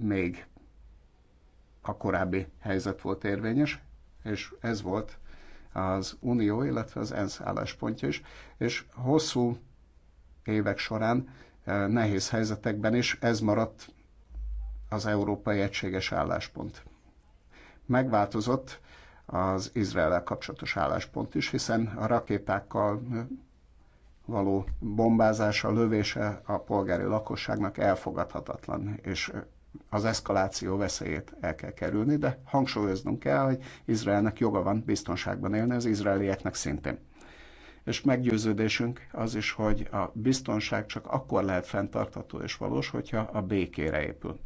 még a korábbi helyzet volt érvényes, és ez volt az Unió, illetve az ENSZ álláspontja is, és hosszú évek során eh, nehéz helyzetekben is ez maradt az európai egységes álláspont. Megváltozott az izrael kapcsolatos álláspont is, hiszen a rakétákkal eh, való bombázása, lövése a polgári lakosságnak elfogadhatatlan, és eh, az eszkaláció veszélyét el kell kerülni, de hangsúlyoznunk kell, hogy Izraelnek joga van biztonságban élni, az izraelieknek szintén. És meggyőződésünk az is, hogy a biztonság csak akkor lehet fenntartható és valós, hogyha a békére épül,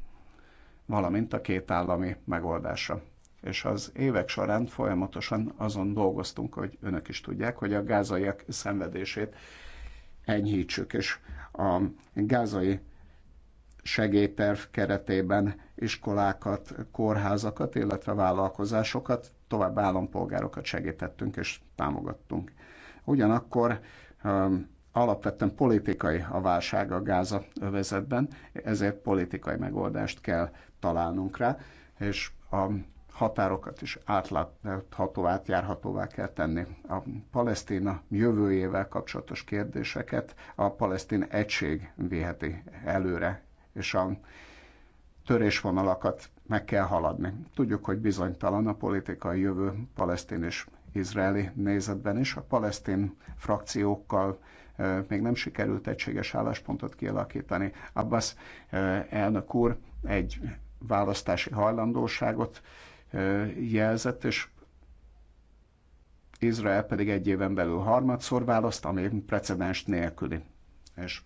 valamint a két állami megoldásra. És az évek során folyamatosan azon dolgoztunk, hogy önök is tudják, hogy a gázaiak szenvedését enyhítsük, és a gázai segélyterv keretében iskolákat, kórházakat, illetve vállalkozásokat, tovább állampolgárokat segítettünk és támogattunk. Ugyanakkor alapvetően politikai a válság a Gáza övezetben, ezért politikai megoldást kell találnunk rá, és a határokat is átlátható, átjárhatóvá kell tenni. A Palesztina jövőjével kapcsolatos kérdéseket a palesztin egység viheti előre, és a törésvonalakat meg kell haladni. Tudjuk, hogy bizonytalan a politikai jövő palesztin és izraeli nézetben is. A palesztin frakciókkal még nem sikerült egységes álláspontot kialakítani. Abbas elnök úr egy választási hajlandóságot jelzett, és Izrael pedig egy éven belül harmadszor választ, ami precedens nélküli. És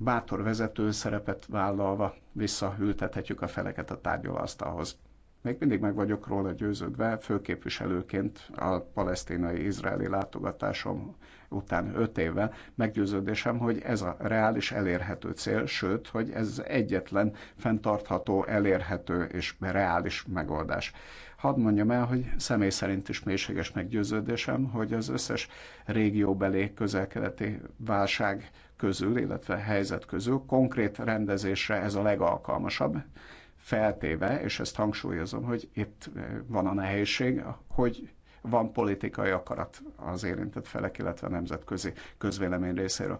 bátor vezető szerepet vállalva visszahültethetjük a feleket a tárgyalasztalhoz. Még mindig meg vagyok róla győződve, főképviselőként a palesztinai-izraeli látogatásom után öt évvel meggyőződésem, hogy ez a reális elérhető cél, sőt, hogy ez egyetlen fenntartható, elérhető és reális megoldás. Hadd mondjam el, hogy személy szerint is mélységes meggyőződésem, hogy az összes régióbeli közelkeleti válság közül, illetve helyzet közül konkrét rendezésre ez a legalkalmasabb, feltéve, és ezt hangsúlyozom, hogy itt eh, van a nehézség, hogy van politikai akarat az érintett felek, illetve a nemzetközi közvélemény részéről,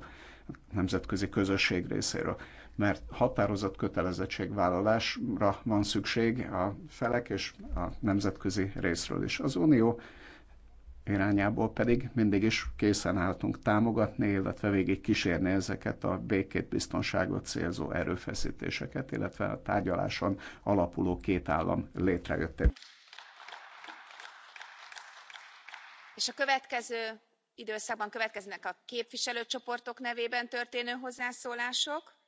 nemzetközi közösség részéről. Mert határozott kötelezettségvállalásra van szükség a felek és a nemzetközi részről is. Az Unió irányából pedig mindig is készen álltunk támogatni, illetve végig kísérni ezeket a békét, biztonságot célzó erőfeszítéseket, illetve a tárgyaláson alapuló két állam létrejöttét. És a következő időszakban következnek a képviselőcsoportok nevében történő hozzászólások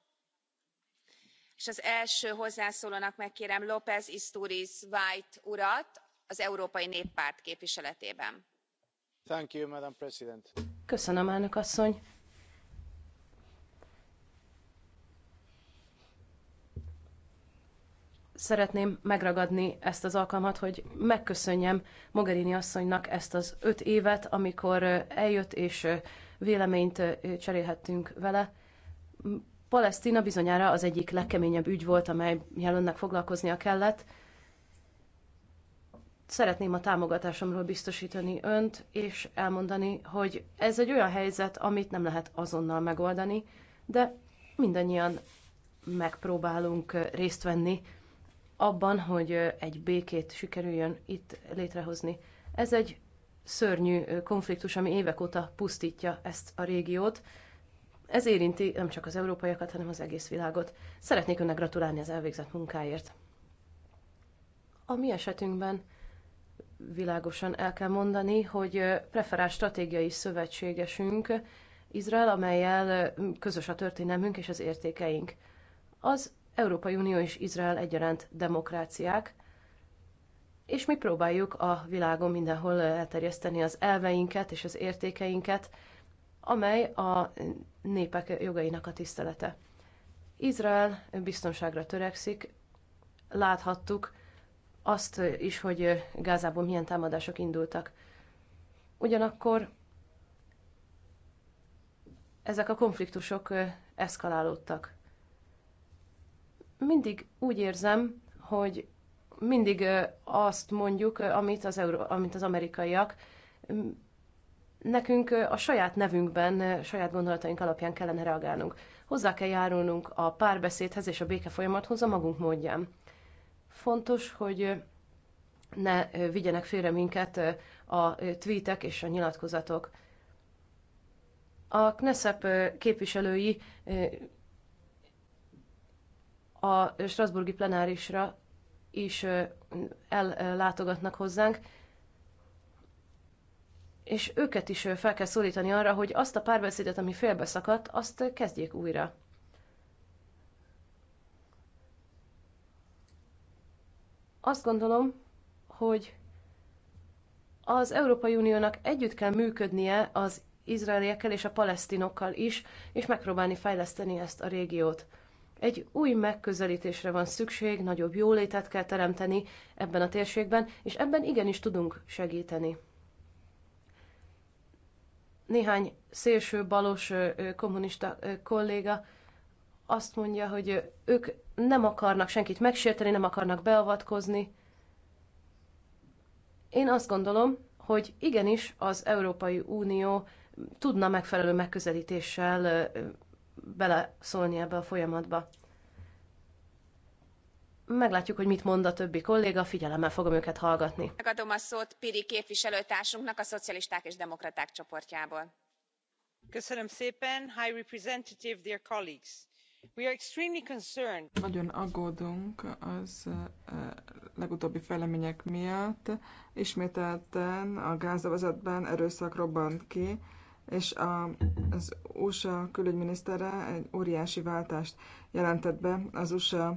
és az első hozzászólónak megkérem lópez Isturiz white urat az európai néppárt képviseletében köszönöm elnök asszony szeretném megragadni ezt az alkalmat hogy megköszönjem mogherini asszonynak ezt az öt évet amikor eljött és véleményt cserélhettünk vele. palesztina bizonyára az egyik legkeményebb ügy volt amellyel önnek foglalkoznia kellett szeretném a támogatásomról biztosítani önt, és elmondani, hogy ez egy olyan helyzet, amit nem lehet azonnal megoldani, de mindannyian megpróbálunk részt venni abban, hogy egy békét sikerüljön itt létrehozni. Ez egy szörnyű konfliktus, ami évek óta pusztítja ezt a régiót. Ez érinti nem csak az európaiakat, hanem az egész világot. Szeretnék önnek gratulálni az elvégzett munkáért. A mi esetünkben világosan el kell mondani, hogy preferál stratégiai szövetségesünk Izrael, amelyel közös a történelmünk és az értékeink. Az Európai Unió és Izrael egyaránt demokráciák, és mi próbáljuk a világon mindenhol elterjeszteni az elveinket és az értékeinket, amely a népek jogainak a tisztelete. Izrael biztonságra törekszik, láthattuk, azt is, hogy Gázából milyen támadások indultak. Ugyanakkor ezek a konfliktusok eszkalálódtak. Mindig úgy érzem, hogy mindig azt mondjuk, amit az, Euró- amit az amerikaiak. Nekünk a saját nevünkben, saját gondolataink alapján kellene reagálnunk. Hozzá kell járulnunk a párbeszédhez és a béke folyamathoz a magunk módján. Fontos, hogy ne vigyenek félre minket a tweetek és a nyilatkozatok. A Knesset képviselői a Strasburgi plenárisra is ellátogatnak hozzánk, és őket is fel kell szólítani arra, hogy azt a párbeszédet, ami félbeszakadt, azt kezdjék újra. Azt gondolom, hogy az Európai Uniónak együtt kell működnie az izraeliekkel és a palesztinokkal is, és megpróbálni fejleszteni ezt a régiót. Egy új megközelítésre van szükség, nagyobb jólétet kell teremteni ebben a térségben, és ebben igenis tudunk segíteni. Néhány szélső balos kommunista kolléga azt mondja, hogy ők nem akarnak senkit megsérteni, nem akarnak beavatkozni. Én azt gondolom, hogy igenis az Európai Unió tudna megfelelő megközelítéssel beleszólni ebbe a folyamatba. Meglátjuk, hogy mit mond a többi kolléga, figyelemmel fogom őket hallgatni. Megadom a szót Piri képviselőtársunknak a Szocialisták és Demokraták csoportjából. Köszönöm szépen, High Representative, dear colleagues! Nagyon aggódunk az legutóbbi fejlemények miatt. Ismételten a gázövezetben erőszak robbant ki, és az USA külügyminisztere egy óriási váltást jelentett be az USA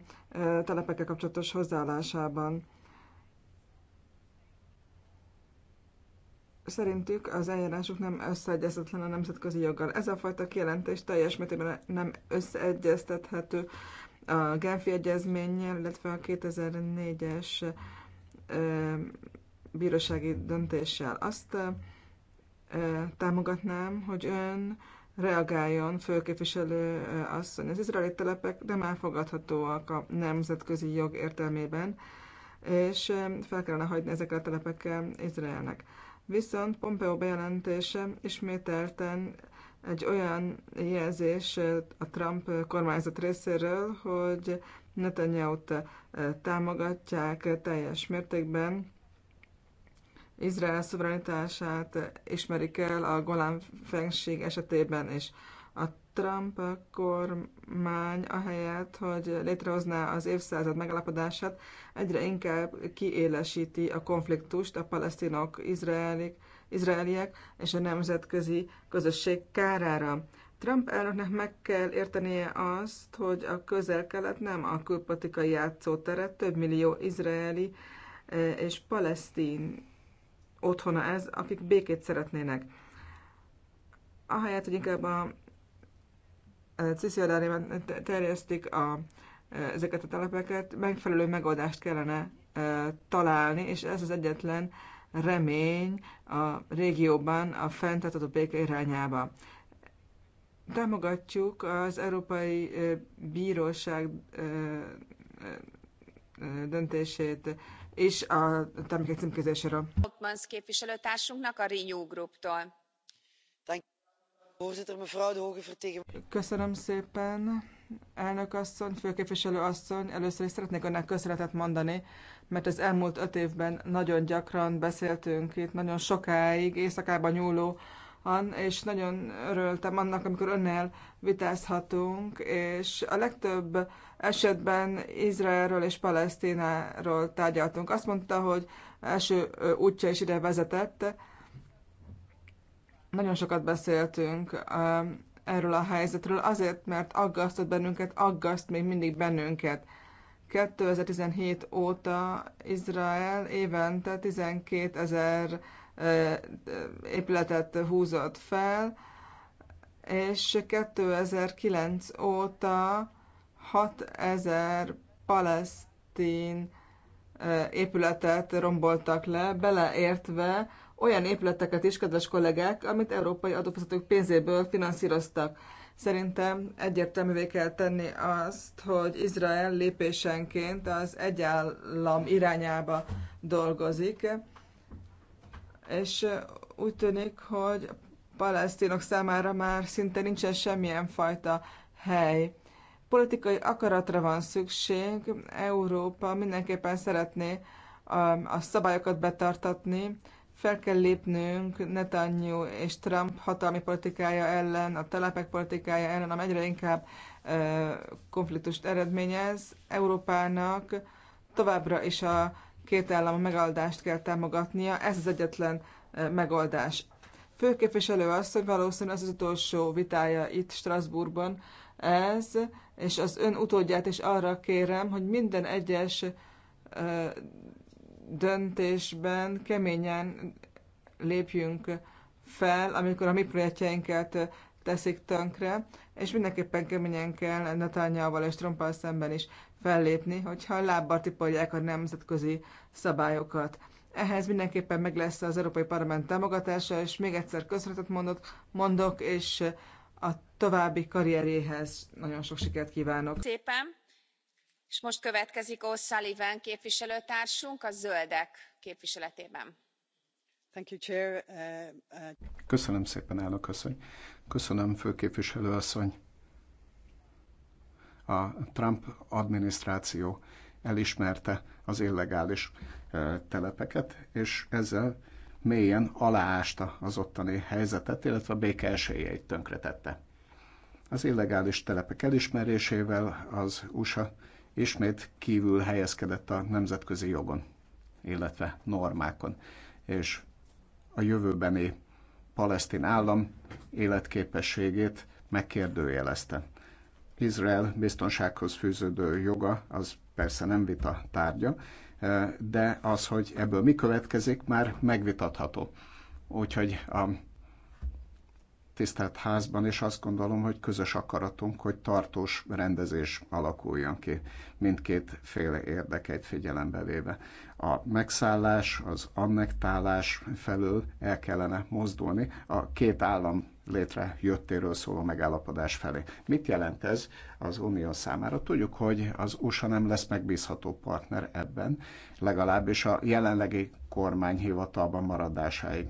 telepekkel kapcsolatos hozzáállásában. szerintük az eljárásuk nem összeegyeztethető a nemzetközi joggal. Ez a fajta kijelentés teljes mértékben nem összeegyeztethető a Genfi Egyezménnyel, illetve a 2004-es bírósági döntéssel. Azt támogatnám, hogy ön reagáljon, főképviselő asszony. Az izraeli telepek nem elfogadhatóak a nemzetközi jog értelmében, és fel kellene hagyni ezeket a telepekkel Izraelnek. Viszont Pompeo bejelentése ismételten egy olyan jelzés eh, a Trump kormányzat részéről, hogy Netanyahu-t eh, támogatják eh, teljes mértékben, Izrael szuverenitását ismerik el a Golán fengség esetében is. Trump kormány ahelyett, hogy létrehozná az évszázad megalapodását, egyre inkább kiélesíti a konfliktust a palesztinok, izraelik, izraeliek és a nemzetközi közösség kárára. Trump elnöknek meg kell értenie azt, hogy a közel-kelet nem a külpolitikai játszótere, több millió izraeli e, és palesztin otthona ez, akik békét szeretnének. Ahelyett, hogy inkább a Cisziadánében terjesztik a, e, ezeket a telepeket, megfelelő megoldást kellene e, találni, és ez az egyetlen remény a régióban a fenntartható béke irányába. Támogatjuk az Európai e, Bíróság döntését és a termékek címkézéséről. Hoffmann képviselőtársunknak a Renew you. Voorzitter, mevrouw de hoge vertegenwoordiger. Köszönöm szépen, elnök asszony, főképviselő asszony. Először is szeretnék önnek köszönetet mondani, mert az elmúlt öt évben nagyon gyakran beszéltünk itt, nagyon sokáig, éjszakában nyúlóan, és nagyon örültem annak, amikor önnel vitázhatunk, és a legtöbb esetben Izraelről és Palesztináról tárgyaltunk. Azt mondta, hogy első útja is ide vezetett, nagyon sokat beszéltünk erről a helyzetről, azért, mert aggasztott bennünket, aggaszt még mindig bennünket. 2017 óta Izrael évente 12 ezer épületet húzott fel, és 2009 óta ezer palesztin épületet romboltak le, beleértve olyan épületeket is, kedves kollégák, amit európai adófizetők pénzéből finanszíroztak. Szerintem egyértelművé kell tenni azt, hogy Izrael lépésenként az egyállam irányába dolgozik, és úgy tűnik, hogy palesztinok számára már szinte nincsen semmilyen fajta hely. Politikai akaratra van szükség, Európa mindenképpen szeretné um, a szabályokat betartatni, fel kell lépnünk Netanyahu és Trump hatalmi politikája ellen, a telepek politikája ellen, amely egyre inkább konfliktust eredményez. Európának továbbra is a két állam megoldást kell támogatnia, ez az egyetlen megoldás. Főképviselő asszony valószínűleg az, az utolsó vitája itt Strasbourgban ez, és az ön utódját is arra kérem, hogy minden egyes döntésben keményen lépjünk fel, amikor a mi projektjeinket teszik tönkre, és mindenképpen keményen kell Natányával és Trumpal szemben is fellépni, hogyha lábbal tipolják a nemzetközi szabályokat. Ehhez mindenképpen meg lesz az Európai Parlament támogatása, és még egyszer köszönetet mondok, mondok és a további karrieréhez nagyon sok sikert kívánok. Szépen! és most következik képviselőtársunk a zöldek uh, uh, Köszönöm szépen, Köszönöm, főképviselő asszony. A Trump adminisztráció elismerte az illegális uh, telepeket, és ezzel mélyen aláásta az ottani helyzetet, illetve a béke esélyeit tönkretette. Az illegális telepek elismerésével az USA ismét kívül helyezkedett a nemzetközi jogon, illetve normákon, és a jövőbeni palesztin állam életképességét megkérdőjelezte. Izrael biztonsághoz fűződő joga az persze nem vita tárgya, eh, de az, hogy ebből mi következik, már megvitatható. Úgyhogy a tisztelt házban, és azt gondolom, hogy közös akaratunk, hogy tartós rendezés alakuljon ki, mindkét fél érdekeit figyelembe véve. A megszállás, az annektálás felől el kellene mozdulni a két állam létre jöttéről szóló megállapodás felé. Mit jelent ez az Unió számára? Tudjuk, hogy az USA nem lesz megbízható partner ebben, legalábbis a jelenlegi kormányhivatalban maradásáig.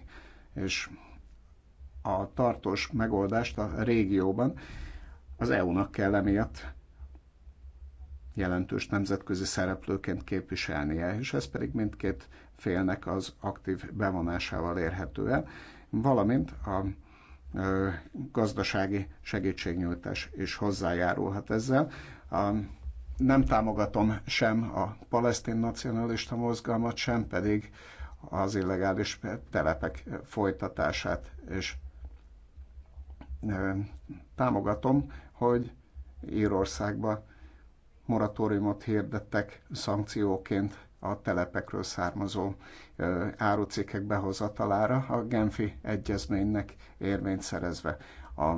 És a tartós megoldást a régióban, az EU-nak kell emiatt jelentős nemzetközi szereplőként képviselnie, és ez pedig mindkét félnek az aktív bevonásával érhető el, valamint a ö, gazdasági segítségnyújtás is hozzájárulhat ezzel. A, nem támogatom sem a palesztin nacionalista mozgalmat, sem pedig az illegális telepek folytatását és támogatom, hogy Írországba moratóriumot hirdettek szankcióként a telepekről származó árucikkek behozatalára a Genfi egyezménynek érvényt szerezve. A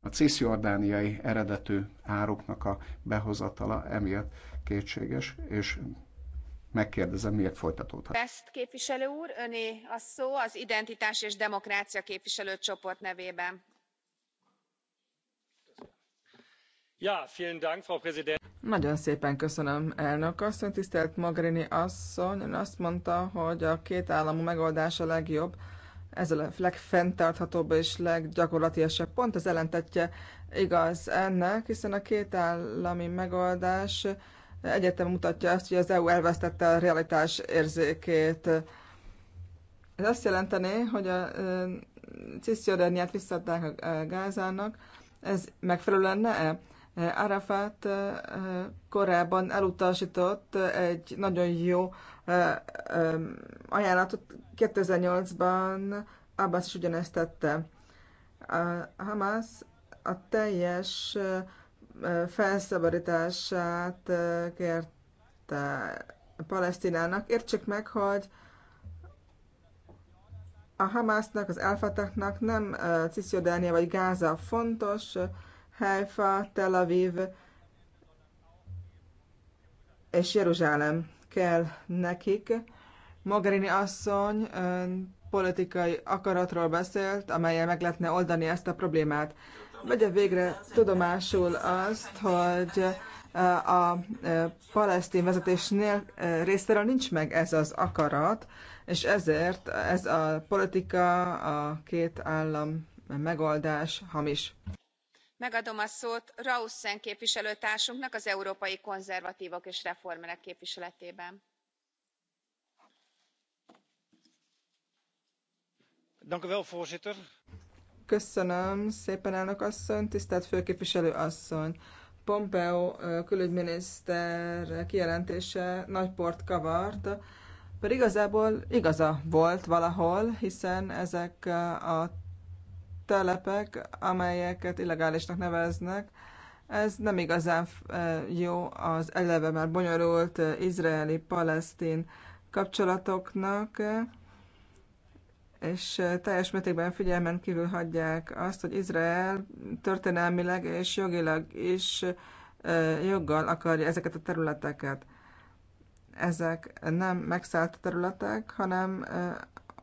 A cisziordániai eredetű áruknak a behozatala emiatt kétséges, és megkérdezem, miért folytatódhat. Ezt képviselő úr, öné a szó az Identitás és Demokrácia képviselőcsoport nevében. Ja, vielen Dank, Frau Präsident. Nagyon szépen köszönöm, elnök asszony. Tisztelt Magrini asszony, ön azt mondta, hogy a két államú megoldás a legjobb, ez a legfenntarthatóbb és leggyakorlatilasabb pont, az ellentetje igaz ennek, hiszen a két állami megoldás egyetem mutatja azt, hogy az EU elvesztette a realitás érzékét. Ez azt jelenteni, hogy a Cisjordániát visszaadták a Gázának. Ez megfelelő lenne-e? Arafat korábban elutasított egy nagyon jó ajánlatot 2008-ban Abbas is ugyanezt tette. A Hamas a teljes felszabadítását kérte Palesztinának. Értsük meg, hogy a Hamásznak, az Elfatáknak nem Cisjordánia vagy Gáza fontos, Haifa, Tel Aviv és Jeruzsálem kell nekik. Mogherini asszony politikai akaratról beszélt, amelyel meg lehetne oldani ezt a problémát vegye végre tudomásul azt, hogy eh, a eh, palesztin vezetésnél eh, részéről nincs meg ez az akarat, és ezért ez a politika, a két állam megoldás hamis. Megadom a szót Rausszen képviselőtársunknak az Európai Konzervatívok és Reformerek képviseletében. voorzitter Köszönöm szépen, elnök asszony, tisztelt főképviselő asszony. Pompeo külügyminiszter kijelentése nagy port kavart, pedig igazából igaza volt valahol, hiszen ezek a telepek, amelyeket illegálisnak neveznek, ez nem igazán jó az eleve már bonyolult izraeli-palesztin kapcsolatoknak és teljes mértékben figyelmen kívül hagyják azt, hogy Izrael történelmileg és jogilag is joggal akarja ezeket a területeket. Ezek nem megszállt területek, hanem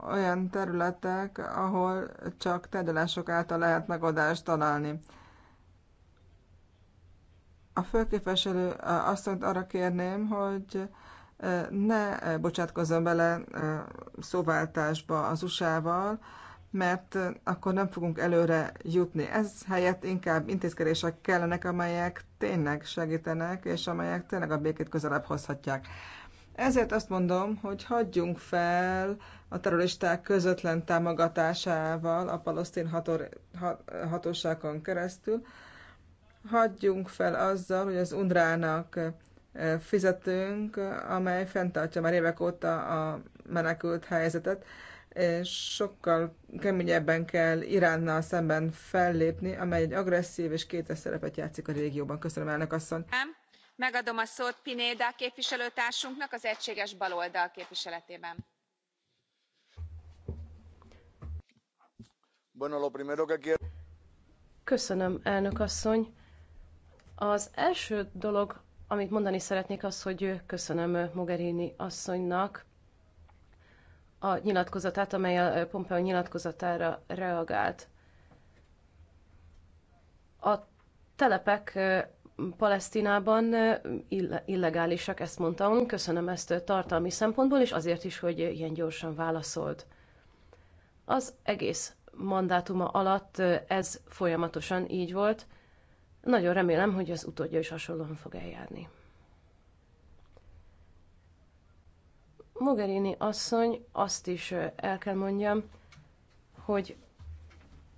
olyan területek, ahol csak tárgyalások által lehet megoldást találni. A főképviselő asszonyt arra kérném, hogy ne eh, bocsátkozzon bele eh, szóváltásba az USA-val, mert eh, akkor nem fogunk előre jutni. Ez helyett inkább intézkedések kellenek, amelyek tényleg segítenek, és amelyek tényleg a békét közelebb hozhatják. Ezért azt mondom, hogy hagyjunk fel a terroristák közvetlen támogatásával a palosztin hator, hatóságon keresztül, hagyjunk fel azzal, hogy az undrának fizetünk, amely fenntartja már évek óta a menekült helyzetet, és sokkal keményebben kell Iránnal szemben fellépni, amely egy agresszív és kétes szerepet játszik a régióban. Köszönöm, elnök asszony! Megadom a szót Pinéda képviselőtársunknak az egységes baloldal képviseletében. Köszönöm, elnök asszony! Az első dolog, amit mondani szeretnék az, hogy köszönöm Mogherini asszonynak a nyilatkozatát, amely a Pompeo nyilatkozatára reagált. A telepek Palesztinában illegálisak, ezt mondtam. Köszönöm ezt tartalmi szempontból, és azért is, hogy ilyen gyorsan válaszolt. Az egész mandátuma alatt ez folyamatosan így volt. Nagyon remélem, hogy az utódja is hasonlóan fog eljárni. Mogherini asszony, azt is el kell mondjam, hogy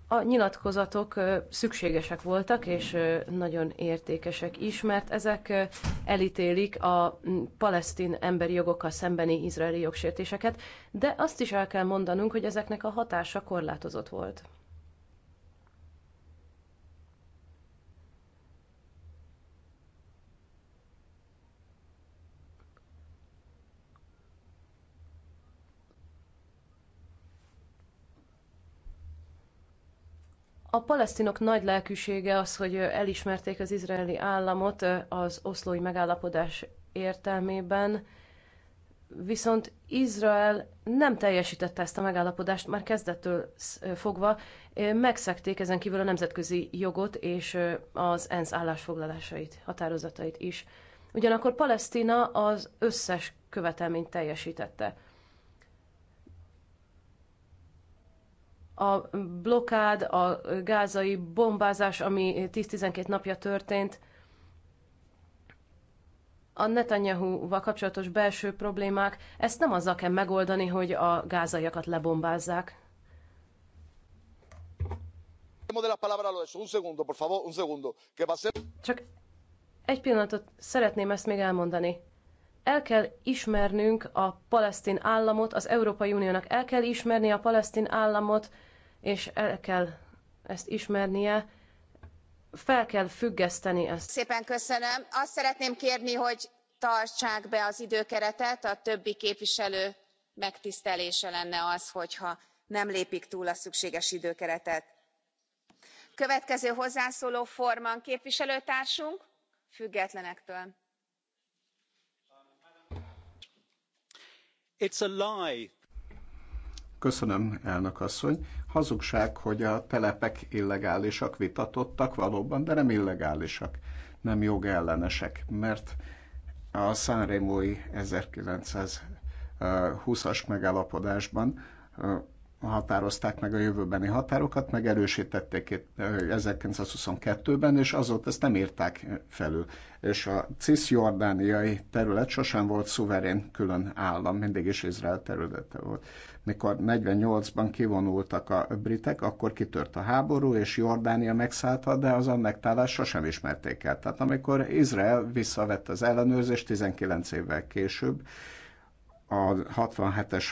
a nyilatkozatok szükségesek voltak, és nagyon értékesek is, mert ezek elítélik a palesztin emberi jogokkal szembeni izraeli jogsértéseket, de azt is el kell mondanunk, hogy ezeknek a hatása korlátozott volt. A palesztinok nagy lelkűsége az, hogy elismerték az izraeli államot az oszlói megállapodás értelmében, viszont Izrael nem teljesítette ezt a megállapodást már kezdettől fogva, megszekték ezen kívül a nemzetközi jogot és az ENSZ állásfoglalásait, határozatait is. Ugyanakkor Palesztina az összes követelményt teljesítette. A blokád, a gázai bombázás, ami 10-12 napja történt, a Netanyahu-val kapcsolatos belső problémák, ezt nem azzal kell megoldani, hogy a gázaiakat lebombázzák. Csak egy pillanatot szeretném ezt még elmondani. El kell ismernünk a palesztin államot, az Európai Uniónak el kell ismerni a palesztin államot, és el kell ezt ismernie, fel kell függeszteni ezt. Szépen köszönöm. Azt szeretném kérni, hogy tartsák be az időkeretet, a többi képviselő megtisztelése lenne az, hogyha nem lépik túl a szükséges időkeretet. Következő hozzászóló Forman képviselőtársunk, függetlenektől It's a lie. Köszönöm, elnök asszony. Hazugság, hogy a telepek illegálisak, vitatottak valóban, de nem illegálisak, nem jogellenesek, mert a Sanremo-i 1920-as megállapodásban határozták meg a jövőbeni határokat, meg erősítették 1922-ben, és azóta ezt nem írták felül. És a cisjordániai terület sosem volt szuverén külön állam, mindig is Izrael területe volt. Mikor 48-ban kivonultak a britek, akkor kitört a háború, és Jordánia megszállta, de az annektálást sosem ismerték el. Tehát amikor Izrael visszavett az ellenőrzést 19 évvel később, a 67-es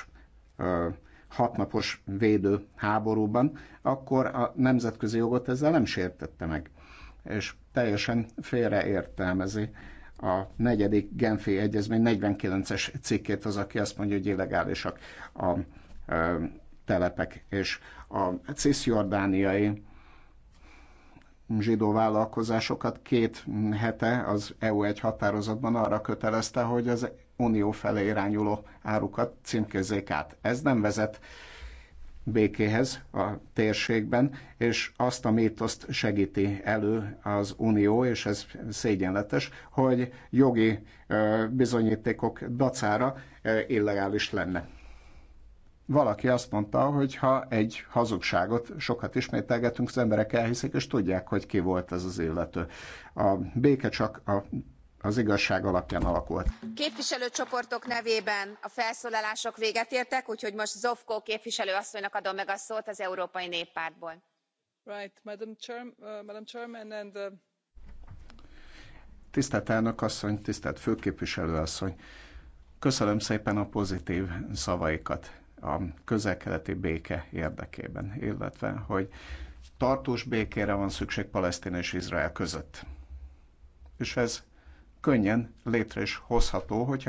hatnapos védő háborúban, akkor a nemzetközi jogot ezzel nem sértette meg. És teljesen félreértelmezi a negyedik Genfi Egyezmény 49-es cikkét az, aki azt mondja, hogy illegálisak a telepek. És a cisjordániai zsidó vállalkozásokat két hete az EU egy határozatban arra kötelezte, hogy az Unió felé irányuló árukat címkézzék át. Ez nem vezet békéhez a térségben, és azt a mítoszt segíti elő az Unió, és ez szégyenletes, hogy jogi bizonyítékok dacára illegális lenne. Valaki azt mondta, hogy ha egy hazugságot sokat ismételgetünk, az emberek elhiszik, és tudják, hogy ki volt ez az illető. A béke csak a az igazság alapján alakult. Képviselőcsoportok nevében a felszólalások véget értek, úgyhogy most Zovko képviselő asszonynak adom meg a szót az Európai Néppártból. Right, Madam, Chair, uh, Madam Chairman and uh... Tisztelt elnök asszony, tisztelt főképviselő asszony, köszönöm szépen a pozitív szavaikat a közelkeleti béke érdekében, illetve hogy tartós békére van szükség Palesztin és Izrael között. És ez könnyen létre is hozható, hogyha